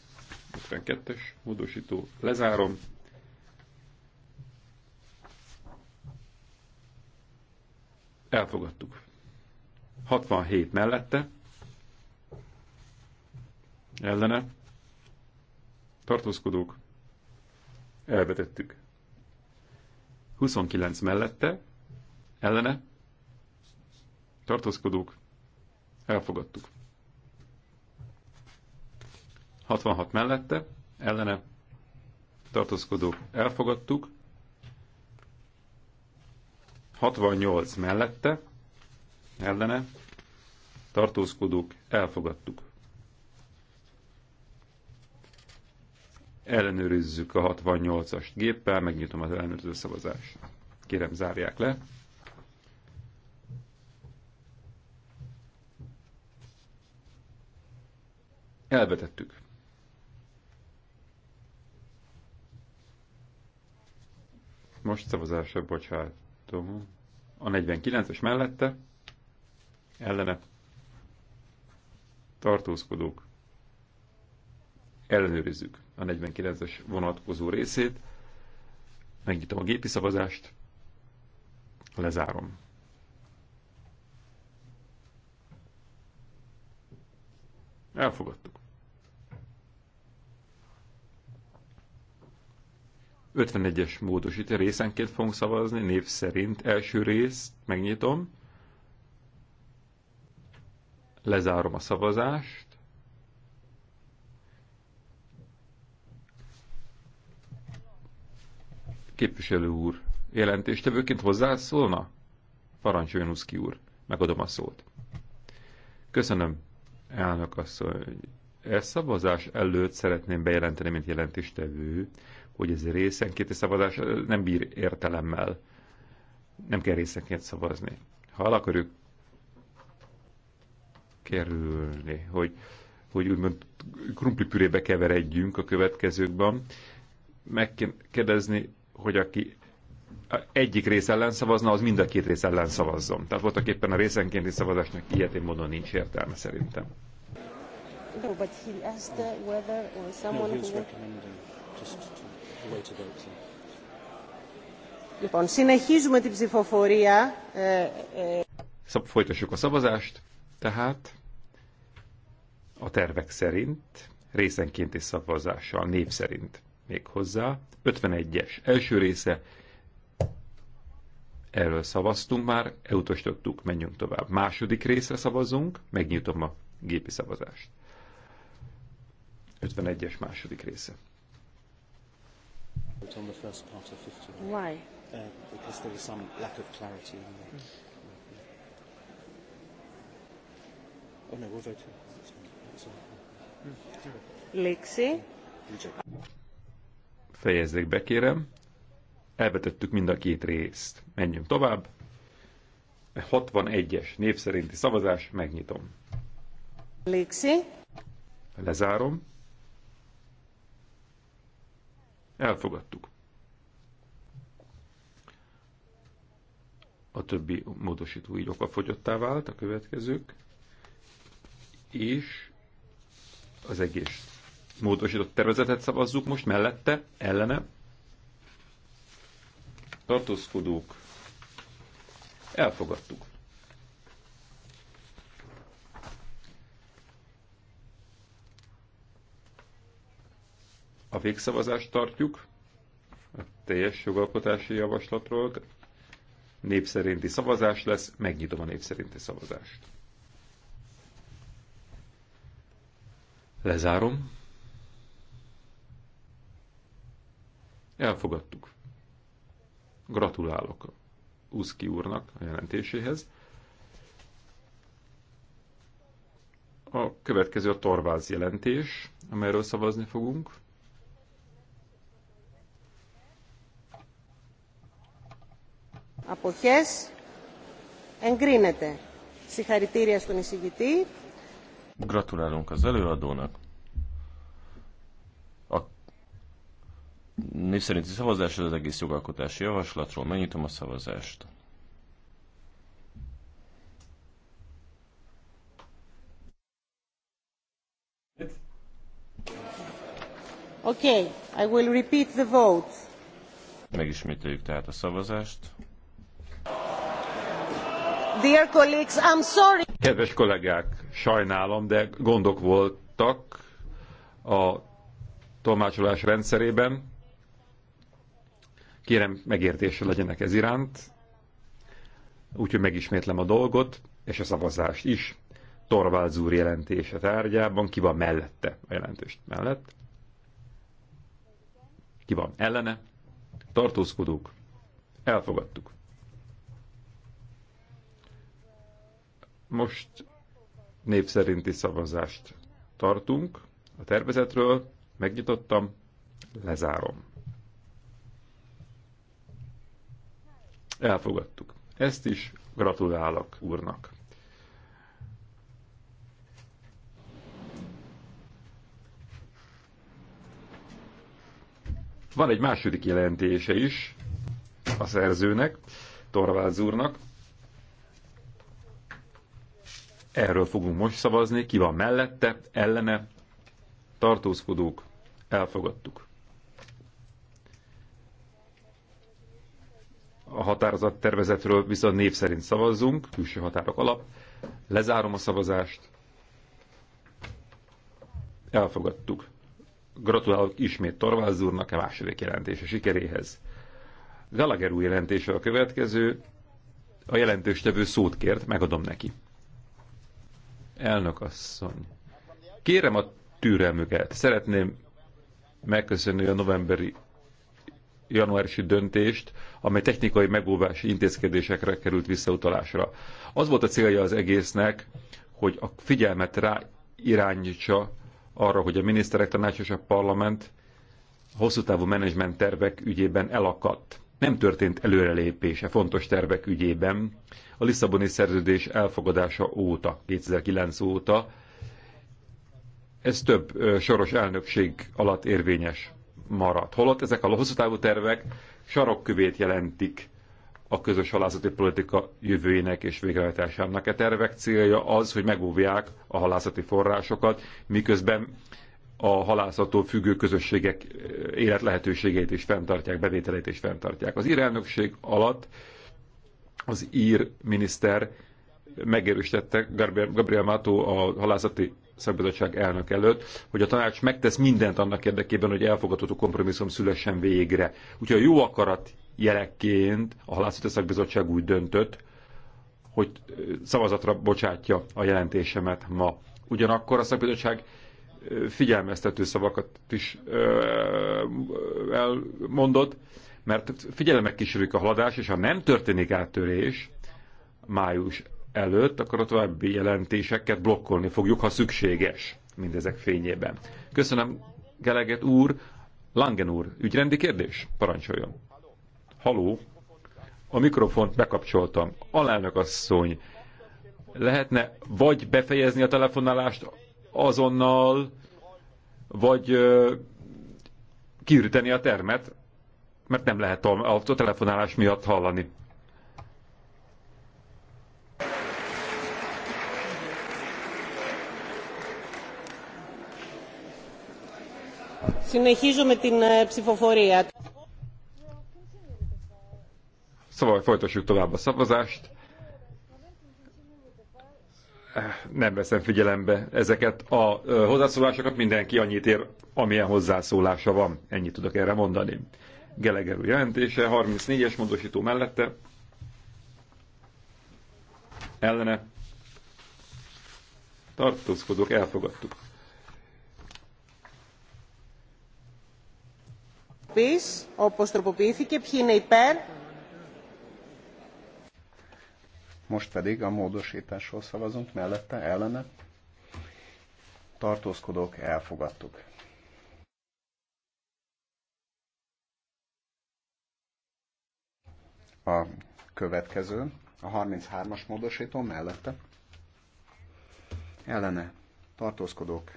52-es módosító. Lezárom. Elfogadtuk. 67 mellette ellene tartózkodók elvetettük. 29 mellette ellene tartózkodók elfogadtuk. 66 mellette ellene tartózkodók elfogadtuk. 68 mellette ellene tartózkodók elfogadtuk. ellenőrizzük a 68-as géppel, megnyitom az ellenőrző szavazást. Kérem, zárják le. Elvetettük. Most szavazásra bocsátom. A 49-es mellette ellene tartózkodók ellenőrizzük a 49-es vonatkozó részét. Megnyitom a gépi szavazást, lezárom. Elfogadtuk. 51-es módosítja, részenként fogunk szavazni, név szerint. Első rész, megnyitom, lezárom a szavazást, Képviselő úr, jelentéstevőként hozzászólna? Parancsoljon Uszki úr, megadom a szót. Köszönöm, elnök asszony. E szavazás előtt szeretném bejelenteni, mint jelentéstevő, hogy ez részenkéti szavazás nem bír értelemmel. Nem kell részenként szavazni. Ha el akarjuk kerülni, hogy, hogy úgymond krumplipürébe keveredjünk a következőkben, megkérdezni hogy aki egyik rész ellen szavazna, az mind a két rész ellen szavazzon. Tehát voltak éppen a részenkénti szavazásnak ilyetén módon nincs értelme szerintem. No, but he asked whether or someone who... Λοιπόν, συνεχίζουμε την ψηφοφορία. Folytassuk a szavazást, tehát a tervek szerint részenkénti szavazással, név szerint még hozzá. 51-es első része, erről szavaztunk már, elutasítottuk, menjünk tovább. Második részre szavazunk, megnyitom a gépi szavazást. 51-es második része. Why? Uh, because there some lack of clarity in the... Oh, Fejezzék be, kérem. Elvetettük mind a két részt. Menjünk tovább. 61-es név szerinti szavazás, megnyitom. Lixi. Lezárom. Elfogadtuk. A többi módosító így okafogyottá vált, a következők, és az egész módosított tervezetet szavazzuk most mellette, ellene. Tartózkodók. Elfogadtuk. A végszavazást tartjuk a teljes jogalkotási javaslatról. Népszerinti szavazás lesz, megnyitom a népszerinti szavazást. Lezárom. Elfogadtuk. Gratulálok Uszki úrnak a jelentéséhez. A következő a Torváz jelentés, amelyről szavazni fogunk. Αποχές εγκρίνεται. Συγχαρητήρια στον εισηγητή. Gratulálunk az előadónak. név szerinti szavazás az egész jogalkotási javaslatról. Megnyitom a szavazást. Okay, I will repeat the vote. Megismételjük tehát a szavazást. Dear colleagues, I'm sorry. Kedves kollégák, sajnálom, de gondok voltak a tolmácsolás rendszerében. Kérem, megértésre legyenek ez iránt, úgyhogy megismétlem a dolgot, és a szavazást is. Torvalds úr jelentése tárgyában, ki van mellette a jelentést mellett, ki van ellene, tartózkodók, elfogadtuk. Most név szerinti szavazást tartunk a tervezetről, megnyitottam, lezárom. Elfogadtuk. Ezt is gratulálok úrnak. Van egy második jelentése is a szerzőnek, Torvalds úrnak. Erről fogunk most szavazni, ki van mellette, ellene, tartózkodók, elfogadtuk. a határozat tervezetről viszont név szerint szavazzunk, külső határok alap. Lezárom a szavazást. Elfogadtuk. Gratulálok ismét Torvalds úrnak a második jelentése sikeréhez. Gallagher új jelentése a következő. A jelentős tevő szót kért, megadom neki. Elnök asszony. Kérem a türelmüket. Szeretném megköszönni a novemberi januárisi döntést, amely technikai megóvási intézkedésekre került visszautalásra. Az volt a célja az egésznek, hogy a figyelmet rá irányítsa arra, hogy a miniszterek tanács és a parlament hosszú távú menedzsment tervek ügyében elakadt. Nem történt előrelépése fontos tervek ügyében a Lisszaboni szerződés elfogadása óta, 2009 óta. Ez több soros elnökség alatt érvényes marad. Holott ezek a hosszú távú tervek sarokkövét jelentik a közös halászati politika jövőjének és végrehajtásának. E tervek célja az, hogy megóvják a halászati forrásokat, miközben a halászattól függő közösségek eh, életlehetőségeit is fenntartják, bevételét is fenntartják. Az ír elnökség alatt az ír miniszter megerősítette Gabriel Mato a halászati szakbizottság elnök előtt, hogy a tanács megtesz mindent annak érdekében, hogy elfogadható kompromisszum szülessen végre. Úgyhogy a jó akarat jelekként a halászati szakbizottság úgy döntött, hogy szavazatra bocsátja a jelentésemet ma. Ugyanakkor a szakbizottság figyelmeztető szavakat is elmondott, mert figyelemek kísérjük a haladás, és ha nem történik áttörés május előtt, akkor a további jelentéseket blokkolni fogjuk, ha szükséges mindezek fényében. Köszönöm, Geleget úr. Langen úr, ügyrendi kérdés? Parancsoljon. Haló? A mikrofont bekapcsoltam. Alelnök asszony, lehetne vagy befejezni a telefonálást azonnal, vagy ö, kiürteni a termet, mert nem lehet a telefonálás miatt hallani Συνεχίζουμε την ψηφοφορία. Szóval folytassuk tovább a szavazást. Nem veszem figyelembe ezeket a hozzászólásokat, mindenki annyit ér, amilyen hozzászólása van. Ennyit tudok erre mondani. Geleger jelentése, 34-es módosító mellette. Ellene. Tartózkodók, elfogadtuk. Most pedig a módostásról szavazunk, mellette ellene tartózkodók elfogadtuk. A következő, a 33-as módosító mellette ellene tartózkodók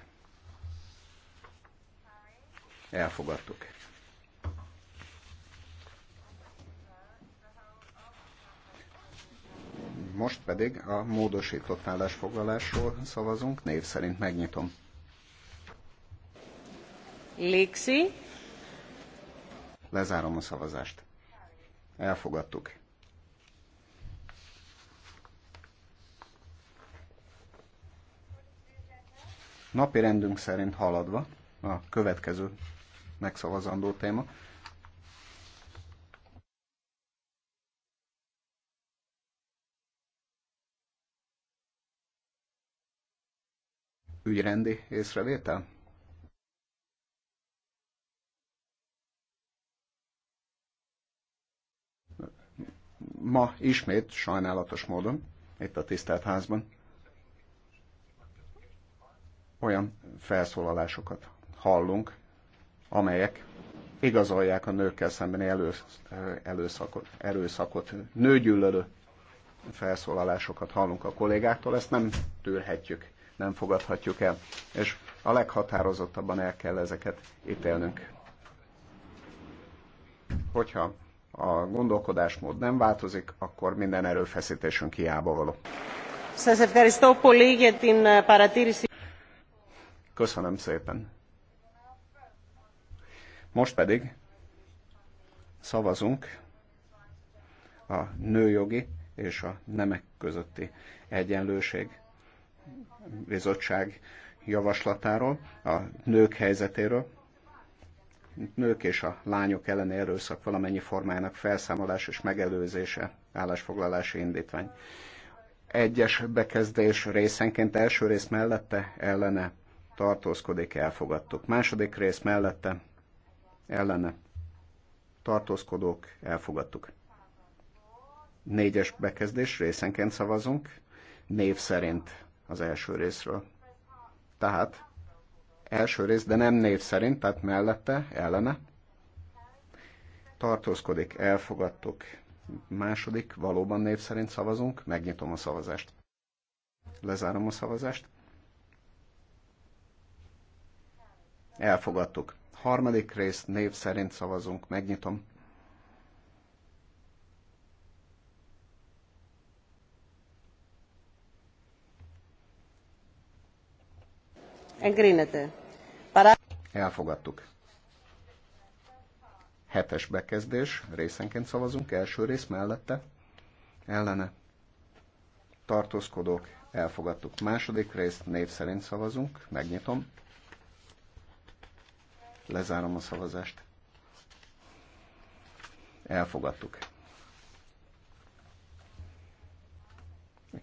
elfogadtuk. Most pedig a módosított állásfoglalásról szavazunk, név szerint megnyitom. Lixi. Lezárom a szavazást. Elfogadtuk. Napi rendünk szerint haladva a következő megszavazandó téma. ügyrendi észrevétel? Ma ismét sajnálatos módon, itt a tisztelt házban, olyan felszólalásokat hallunk, amelyek igazolják a nőkkel szembeni elősz, előszakot, erőszakot, nőgyűlölő felszólalásokat hallunk a kollégáktól, ezt nem tűrhetjük nem fogadhatjuk el. És a leghatározottabban el kell ezeket ítélnünk. Hogyha a gondolkodásmód nem változik, akkor minden erőfeszítésünk hiába való. Köszönöm szépen. Most pedig szavazunk a nőjogi és a nemek közötti egyenlőség bizottság javaslatáról, a nők helyzetéről, nők és a lányok elleni erőszak valamennyi formájának felszámolás és megelőzése állásfoglalási indítvány. Egyes bekezdés részenként első rész mellette ellene tartózkodik, elfogadtuk. Második rész mellette ellene tartózkodók, elfogadtuk. Négyes bekezdés részenként szavazunk, név szerint az első részről. Tehát első rész, de nem név szerint, tehát mellette, ellene. Tartózkodik, elfogadtuk. Második, valóban név szerint szavazunk, megnyitom a szavazást. Lezárom a szavazást. Elfogadtuk. Harmadik rész, név szerint szavazunk, megnyitom. Elfogadtuk. Hetes bekezdés, részenként szavazunk, első rész mellette, ellene, tartózkodók, elfogadtuk. Második részt név szerint szavazunk, megnyitom, lezárom a szavazást. Elfogadtuk.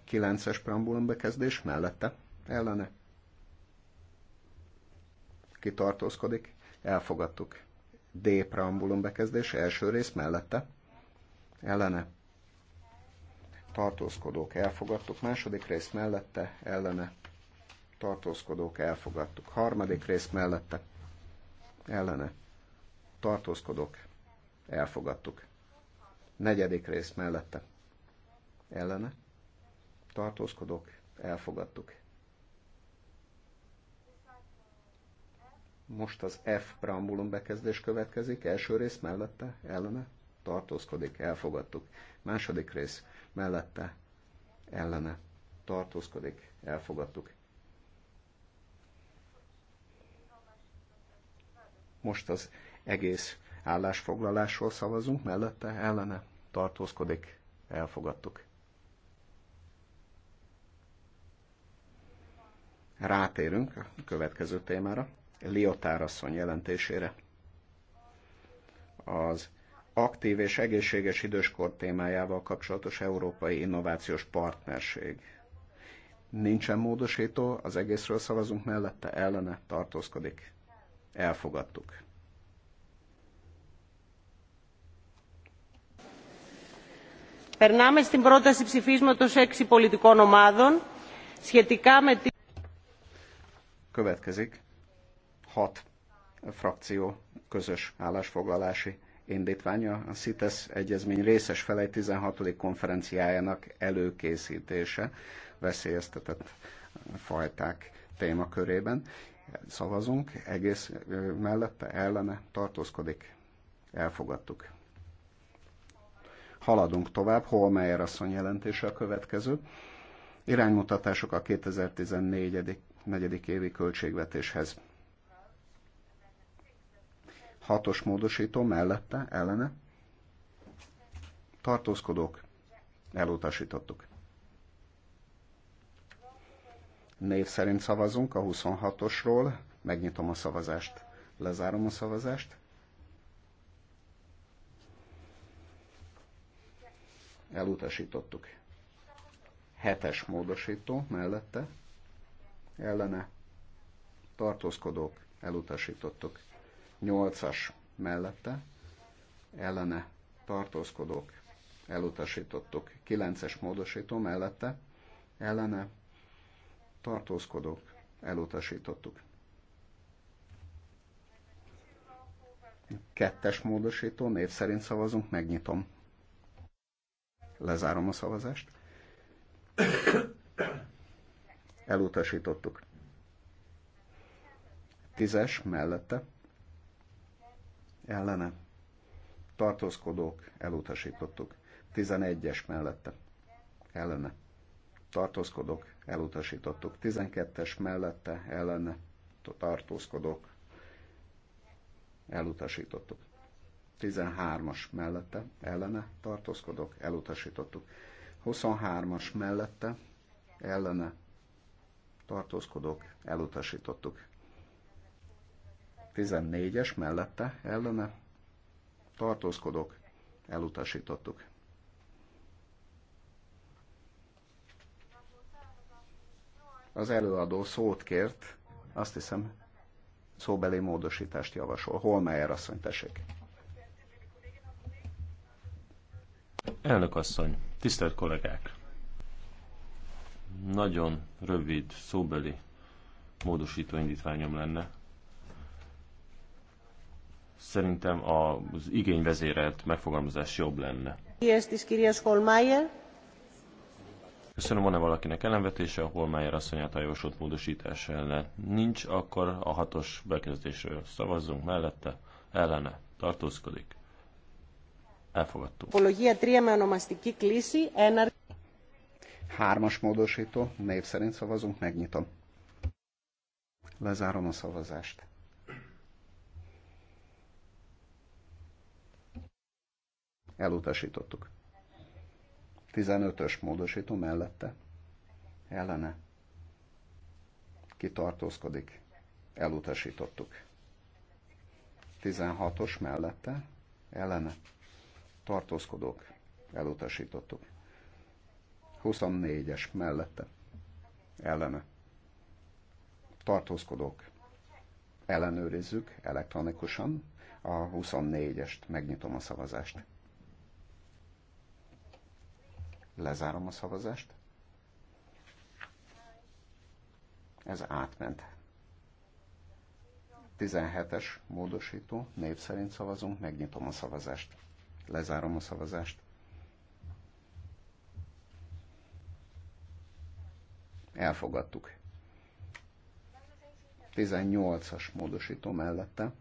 Kilences es preambulum bekezdés mellette, ellene, kitartózkodik, elfogadtuk. D. Preambulum bekezdés első rész mellette, ellene, tartózkodók elfogadtuk, második rész mellette, ellene, tartózkodók elfogadtuk, harmadik rész mellette, ellene, tartózkodók elfogadtuk, negyedik rész mellette, ellene, tartózkodók elfogadtuk, Most az F preambulum bekezdés következik, első rész mellette, ellene, tartózkodik, elfogadtuk. Második rész mellette, ellene, tartózkodik, elfogadtuk. Most az egész állásfoglalásról szavazunk, mellette, ellene, tartózkodik, elfogadtuk. Rátérünk a következő témára asszony jelentésére. Az aktív és egészséges időskor témájával kapcsolatos Európai Innovációs Partnerség. Nincsen módosító, az egészről szavazunk mellette, ellene tartózkodik. Elfogadtuk. Περνάμε στην πρόταση ψηφίσματος έξι πολιτικών ομάδων σχετικά με την... Következik hat frakció közös állásfoglalási indítványa a CITES egyezmény részes felei 16. konferenciájának előkészítése veszélyeztetett fajták témakörében. Szavazunk, egész mellette ellene tartózkodik. Elfogadtuk. Haladunk tovább, hol Holmeyer asszony jelentése a következő. Iránymutatások a 2014. negyedik évi költségvetéshez. Hatos módosító mellette, ellene. Tartózkodók. Elutasítottuk. Név szerint szavazunk a 26-osról. Megnyitom a szavazást. Lezárom a szavazást. Elutasítottuk. Hetes módosító mellette. Ellene. Tartózkodók. Elutasítottuk 8-as mellette ellene tartózkodók elutasítottuk. 9-es módosító mellette ellene tartózkodók elutasítottuk. Kettes módosító, név szerint szavazunk, megnyitom. Lezárom a szavazást. Elutasítottuk. Tízes mellette ellene tartózkodók elutasítottuk. 11-es mellette ellene tartózkodók elutasítottuk. 12-es mellette ellene tartózkodók elutasítottuk. 13-as mellette ellene tartózkodók elutasítottuk. 23-as mellette ellene tartózkodók elutasítottuk. 14-es mellette ellene tartózkodok, elutasítottuk. Az előadó szót kért, azt hiszem szóbeli módosítást javasol. Holmeyer asszony, tessék. Elnök asszony, tisztelt kollégák! Nagyon rövid szóbeli módosító indítványom lenne, Szerintem az igényvezérelt megfogalmazás jobb lenne. Köszönöm, van-e valakinek ellenvetése, a Holmeyer asszony által javasolt módosítás ellen nincs, akkor a hatos bekezdésről szavazzunk mellette, ellene tartózkodik. Elfogadtuk. 3. Hármas módosító, név szerint szavazunk, megnyitom. Lezárom a szavazást. Elutasítottuk. 15-ös módosító mellette. Ellene. Kitartózkodik. Elutasítottuk. 16-os mellette. Ellene. Tartózkodók. Elutasítottuk. 24-es mellette. Ellene. Tartózkodók. Ellenőrizzük elektronikusan a 24-est. Megnyitom a szavazást. Lezárom a szavazást. Ez átment. 17-es módosító, név szerint szavazunk, megnyitom a szavazást. Lezárom a szavazást. Elfogadtuk. 18-as módosító mellette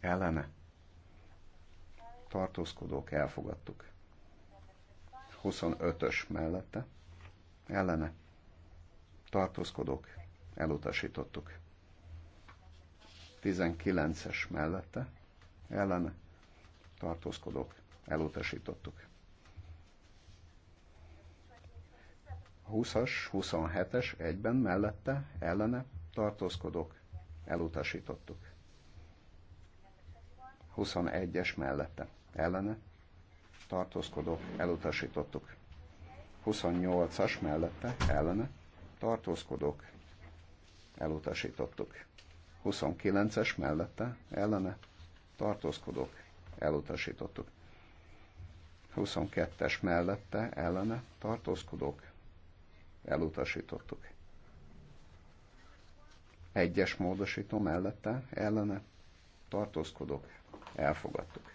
ellene tartózkodók elfogadtuk. 25-ös mellette, ellene, tartózkodók, elutasítottuk. 19-es mellette, ellene, tartózkodók, elutasítottuk. 20-as, 27-es egyben mellette, ellene, tartózkodók, elutasítottuk. 21-es mellette, ellene, tartózkodók elutasítottuk. 28-as mellette ellene tartózkodók elutasítottuk. 29-es mellette ellene tartózkodók elutasítottuk. 22-es mellette ellene tartózkodók elutasítottuk. 1-es módosító mellette ellene tartózkodók elfogadtuk.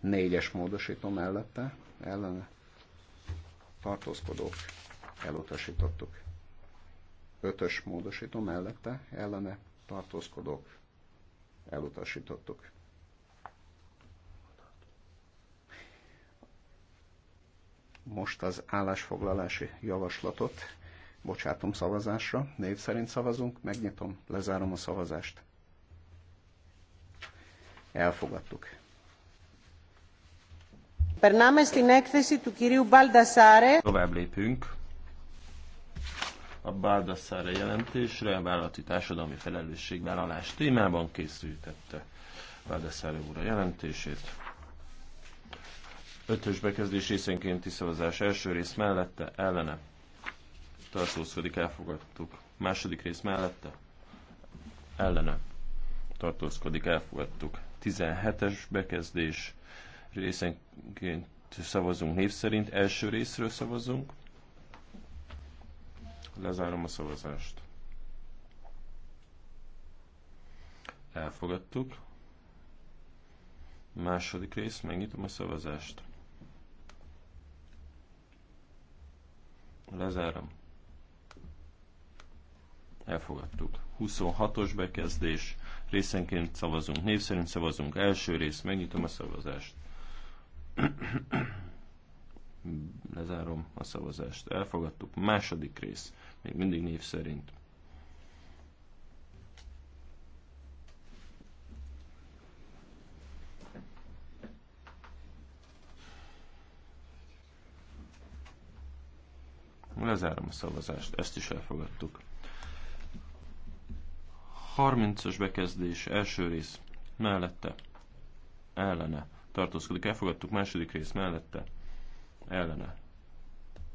Négyes módosító mellette ellene tartózkodók elutasítottuk. Ötös módosító mellette ellene tartózkodók elutasítottuk. Most az állásfoglalási javaslatot bocsátom szavazásra, név szerint szavazunk, megnyitom, lezárom a szavazást. Elfogadtuk. Tovább lépünk a Baldassarre jelentésre, a vállalati társadalmi felelősségvállalás témában készítette Baldassarre úr a jelentését. Ötös bekezdés részenkénti szavazás első rész mellette, ellene. Tartózkodik, elfogadtuk. Második rész mellette, ellene. Tartózkodik, elfogadtuk. 17-es bekezdés részenként szavazunk név szerint. Első részről szavazunk. Lezárom a szavazást. Elfogadtuk. Második rész, megnyitom a szavazást. Lezárom. Elfogadtuk. 26-os bekezdés. Részenként szavazunk. Név szerint szavazunk. Első rész. Megnyitom a szavazást. [coughs] Lezárom a szavazást. Elfogadtuk. Második rész. Még mindig név szerint. Lezárom a szavazást. Ezt is elfogadtuk. 30-as bekezdés, első rész, mellette, ellene, tartózkodik, elfogadtuk. Második rész mellette ellene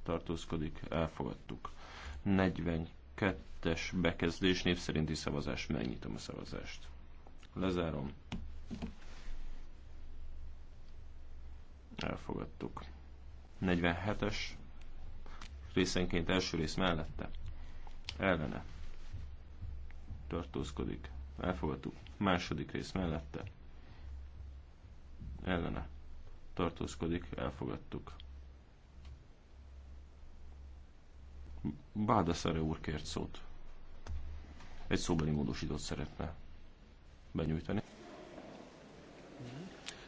tartózkodik, elfogadtuk. 42-es bekezdés név szerinti szavazás. Megnyitom a szavazást. Lezárom. Elfogadtuk. 47-es részenként első rész mellette ellene tartózkodik. Elfogadtuk. Második rész mellette ellene tartózkodik, elfogadtuk. Bádaszere úr kért szót. Egy szóbeli módosítót szeretne benyújtani.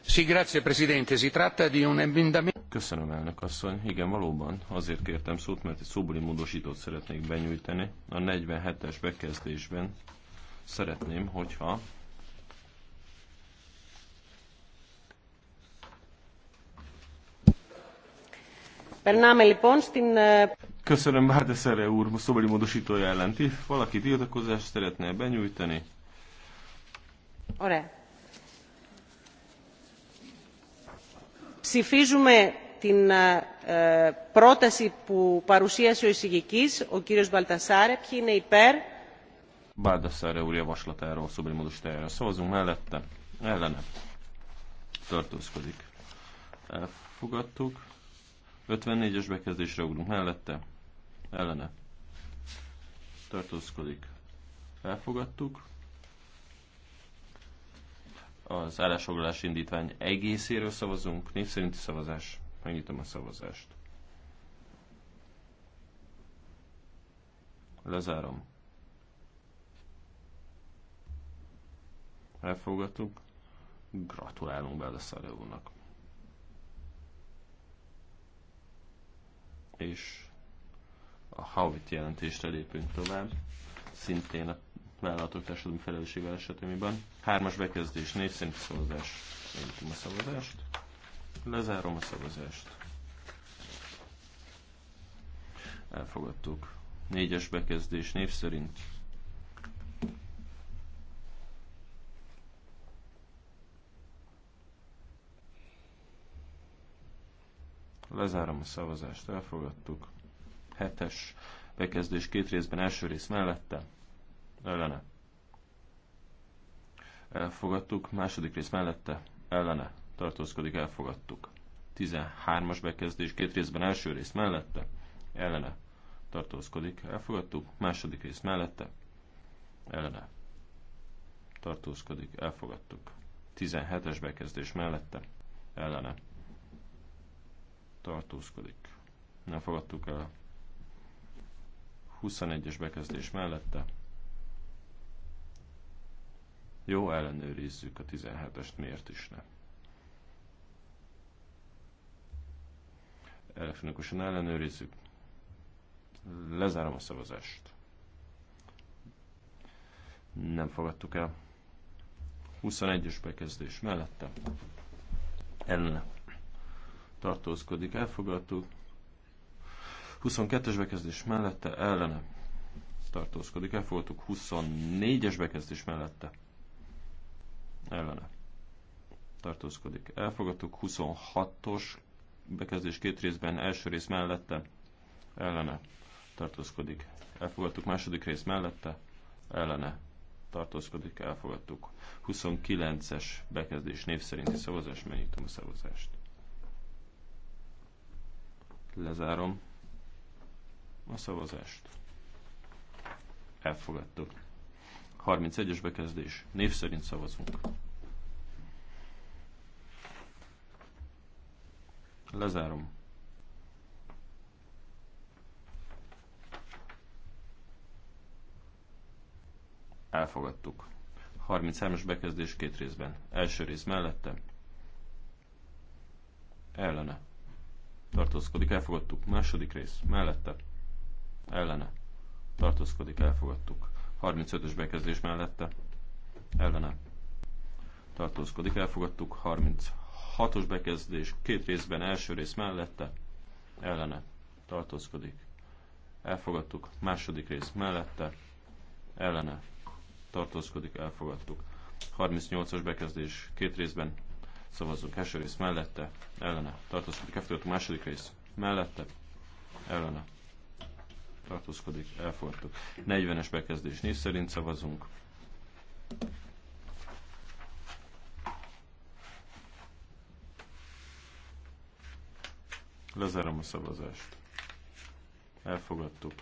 Si Köszönöm, elnök asszony. Igen, valóban azért kértem szót, mert egy szóbeli módosítót szeretnék benyújtani. A 47-es bekezdésben szeretném, hogyha Köszönöm Bárdeszere úr a szóbeli módosítója ellen. Valaki tiltakozást szeretne benyújtani? Ωραία. Ψηφίζουμε την ε, πρόταση που παρουσίασε ο εισηγητής, ο κύριος Μπαλτασάρε. Ποιοι είναι υπέρ? Μπαλτασάρε ο úr javaslatáról, szóbeli módosítájára szavazunk mellette. Ellene. Tartózkodik. Φουγατούκ. 54-es bekezdésre ugrunk mellette, ellene tartózkodik. Elfogadtuk. Az állásfoglalás indítvány egészéről szavazunk, név szerinti szavazás. Megnyitom a szavazást. Lezárom. Elfogadtuk. Gratulálunk Beleszáre úrnak. és a howit jelentésre lépünk tovább, szintén a vállalatok társadalmi felelősségvel esetében. Hármas bekezdés, négy szerint szavazás. a szavazást. Lezárom a szavazást. Elfogadtuk. Négyes bekezdés, név szerint Lezárom a szavazást, elfogadtuk. Hetes bekezdés két részben első rész mellette, ellene. Elfogadtuk, második rész mellette, ellene. Tartózkodik, elfogadtuk. 13-as bekezdés két részben első rész mellette, ellene. Tartózkodik, elfogadtuk, második rész mellette, ellene. Tartózkodik, elfogadtuk. 17-es bekezdés mellette, ellene tartózkodik. Nem fogadtuk el 21-es bekezdés mellette. Jó, ellenőrizzük a 17-est, miért is ne. Elektronikusan ellenőrizzük. Lezárom a szavazást. Nem fogadtuk el. 21-es bekezdés mellette. Ellene tartózkodik, elfogadtuk. 22-es bekezdés mellette ellene tartózkodik, elfogadtuk. 24-es bekezdés mellette ellene tartózkodik, elfogadtuk. 26-os bekezdés két részben, első rész mellette ellene tartózkodik, elfogadtuk. Második rész mellette ellene tartózkodik, elfogadtuk. 29-es bekezdés név szerinti szavazás, megnyitom a szavazást. Lezárom a szavazást. Elfogadtuk. 31-es bekezdés. Név szerint szavazunk. Lezárom. Elfogadtuk. 33-as bekezdés két részben. Első rész mellette. Ellene tartózkodik, elfogadtuk. Második rész, mellette, ellene, tartózkodik, elfogadtuk. 35-ös bekezdés mellette, ellene, tartózkodik, elfogadtuk. 36-os bekezdés, két részben, első rész mellette, ellene, tartózkodik, elfogadtuk. Második rész mellette, ellene, tartózkodik, elfogadtuk. 38-as bekezdés, két részben, Szavazzunk első rész mellette, ellene. Tartózkodik, elfogadtuk második rész mellette, ellene. Tartózkodik, elfogadtuk. 40-es bekezdés név szerint szavazunk. Lezárom a szavazást. Elfogadtuk.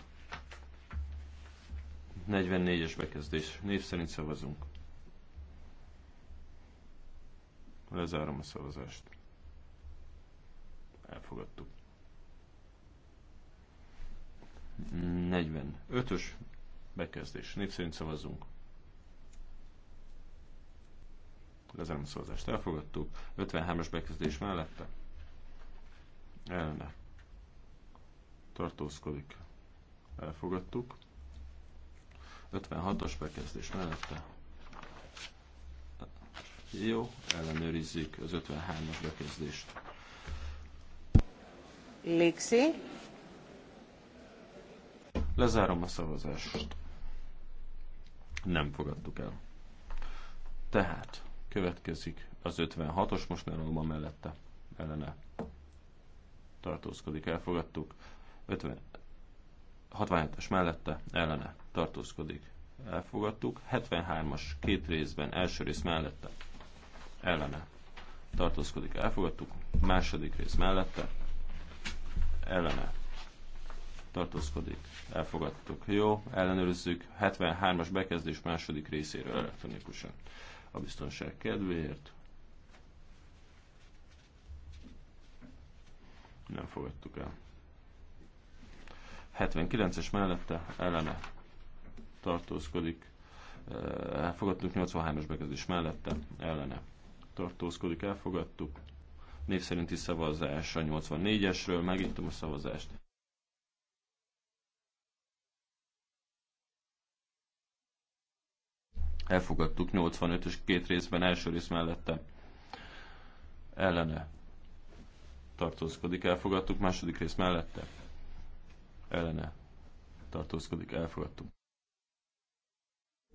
44-es bekezdés. Név szerint szavazunk. Lezárom a szavazást. Elfogadtuk. 45-ös bekezdés. Név szerint szavazzunk. Lezárom a szavazást. Elfogadtuk. 53-as bekezdés mellette. Ellene. Tartózkodik. Elfogadtuk. 56-as bekezdés mellette jó, ellenőrizzük az 53-as bekezdést. Lixi. Lezárom a szavazást. Nem fogadtuk el. Tehát következik az 56-os, most nem van mellette. Ellene tartózkodik, elfogadtuk. 50, 67-es mellette, ellene tartózkodik, elfogadtuk. 73-as két részben, első rész mellette, ellene tartózkodik, elfogadtuk. Második rész mellette ellene tartózkodik, elfogadtuk. Jó, ellenőrizzük 73-as bekezdés második részéről elektronikusan a biztonság kedvéért. Nem fogadtuk el. 79-es mellette ellene tartózkodik. Elfogadtuk 83-as bekezdés mellette ellene tartózkodik, elfogadtuk. Név szerinti szavazás a 84-esről, megnyitom a szavazást. Elfogadtuk 85 és két részben, első rész mellette ellene tartózkodik, elfogadtuk, második rész mellette ellene tartózkodik, elfogadtuk.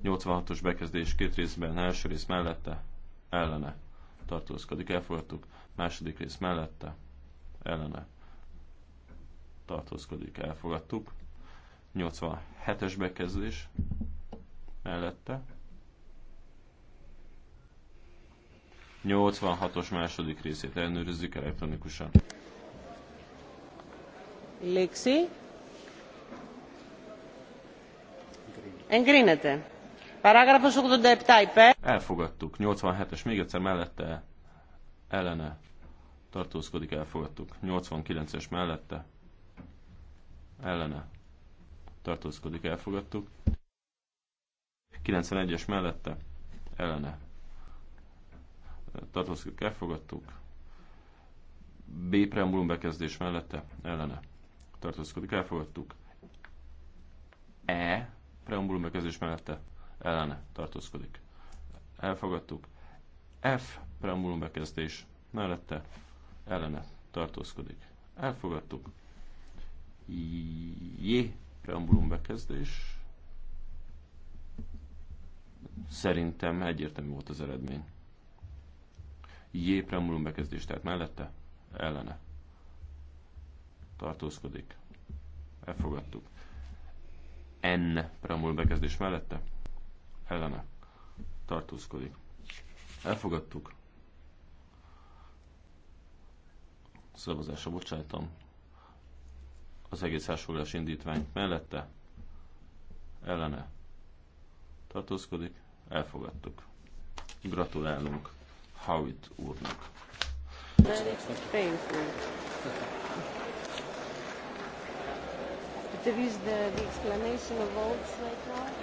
86-os bekezdés két részben, első rész mellette, ellene tartózkodik, elfogadtuk. Második rész mellette, ellene tartózkodik, elfogadtuk. 87-es bekezdés mellette. 86-os második részét ellenőrizzük elektronikusan. Léxi. Engrinete. Παράγραφος 87 Elfogadtuk. 87-es még egyszer mellette ellene tartózkodik, elfogadtuk. 89-es mellette ellene tartózkodik, elfogadtuk. 91-es mellette ellene tartózkodik, elfogadtuk. B preambulum bekezdés mellette ellene tartózkodik, elfogadtuk. E preambulum bekezdés mellette ellene tartózkodik. Elfogadtuk. F preambulum bekezdés mellette ellene tartózkodik. Elfogadtuk. J preambulum bekezdés. Szerintem egyértelmű volt az eredmény. J preambulum bekezdés, tehát mellette ellene tartózkodik. Elfogadtuk. N preambulum bekezdés mellette ellene tartózkodik. Elfogadtuk. Szavazásra bocsátom. Az egész elsőgrás indítvány mellette ellene tartózkodik. Elfogadtuk. Gratulálunk Howitt úrnak. There is the, the explanation of votes right now.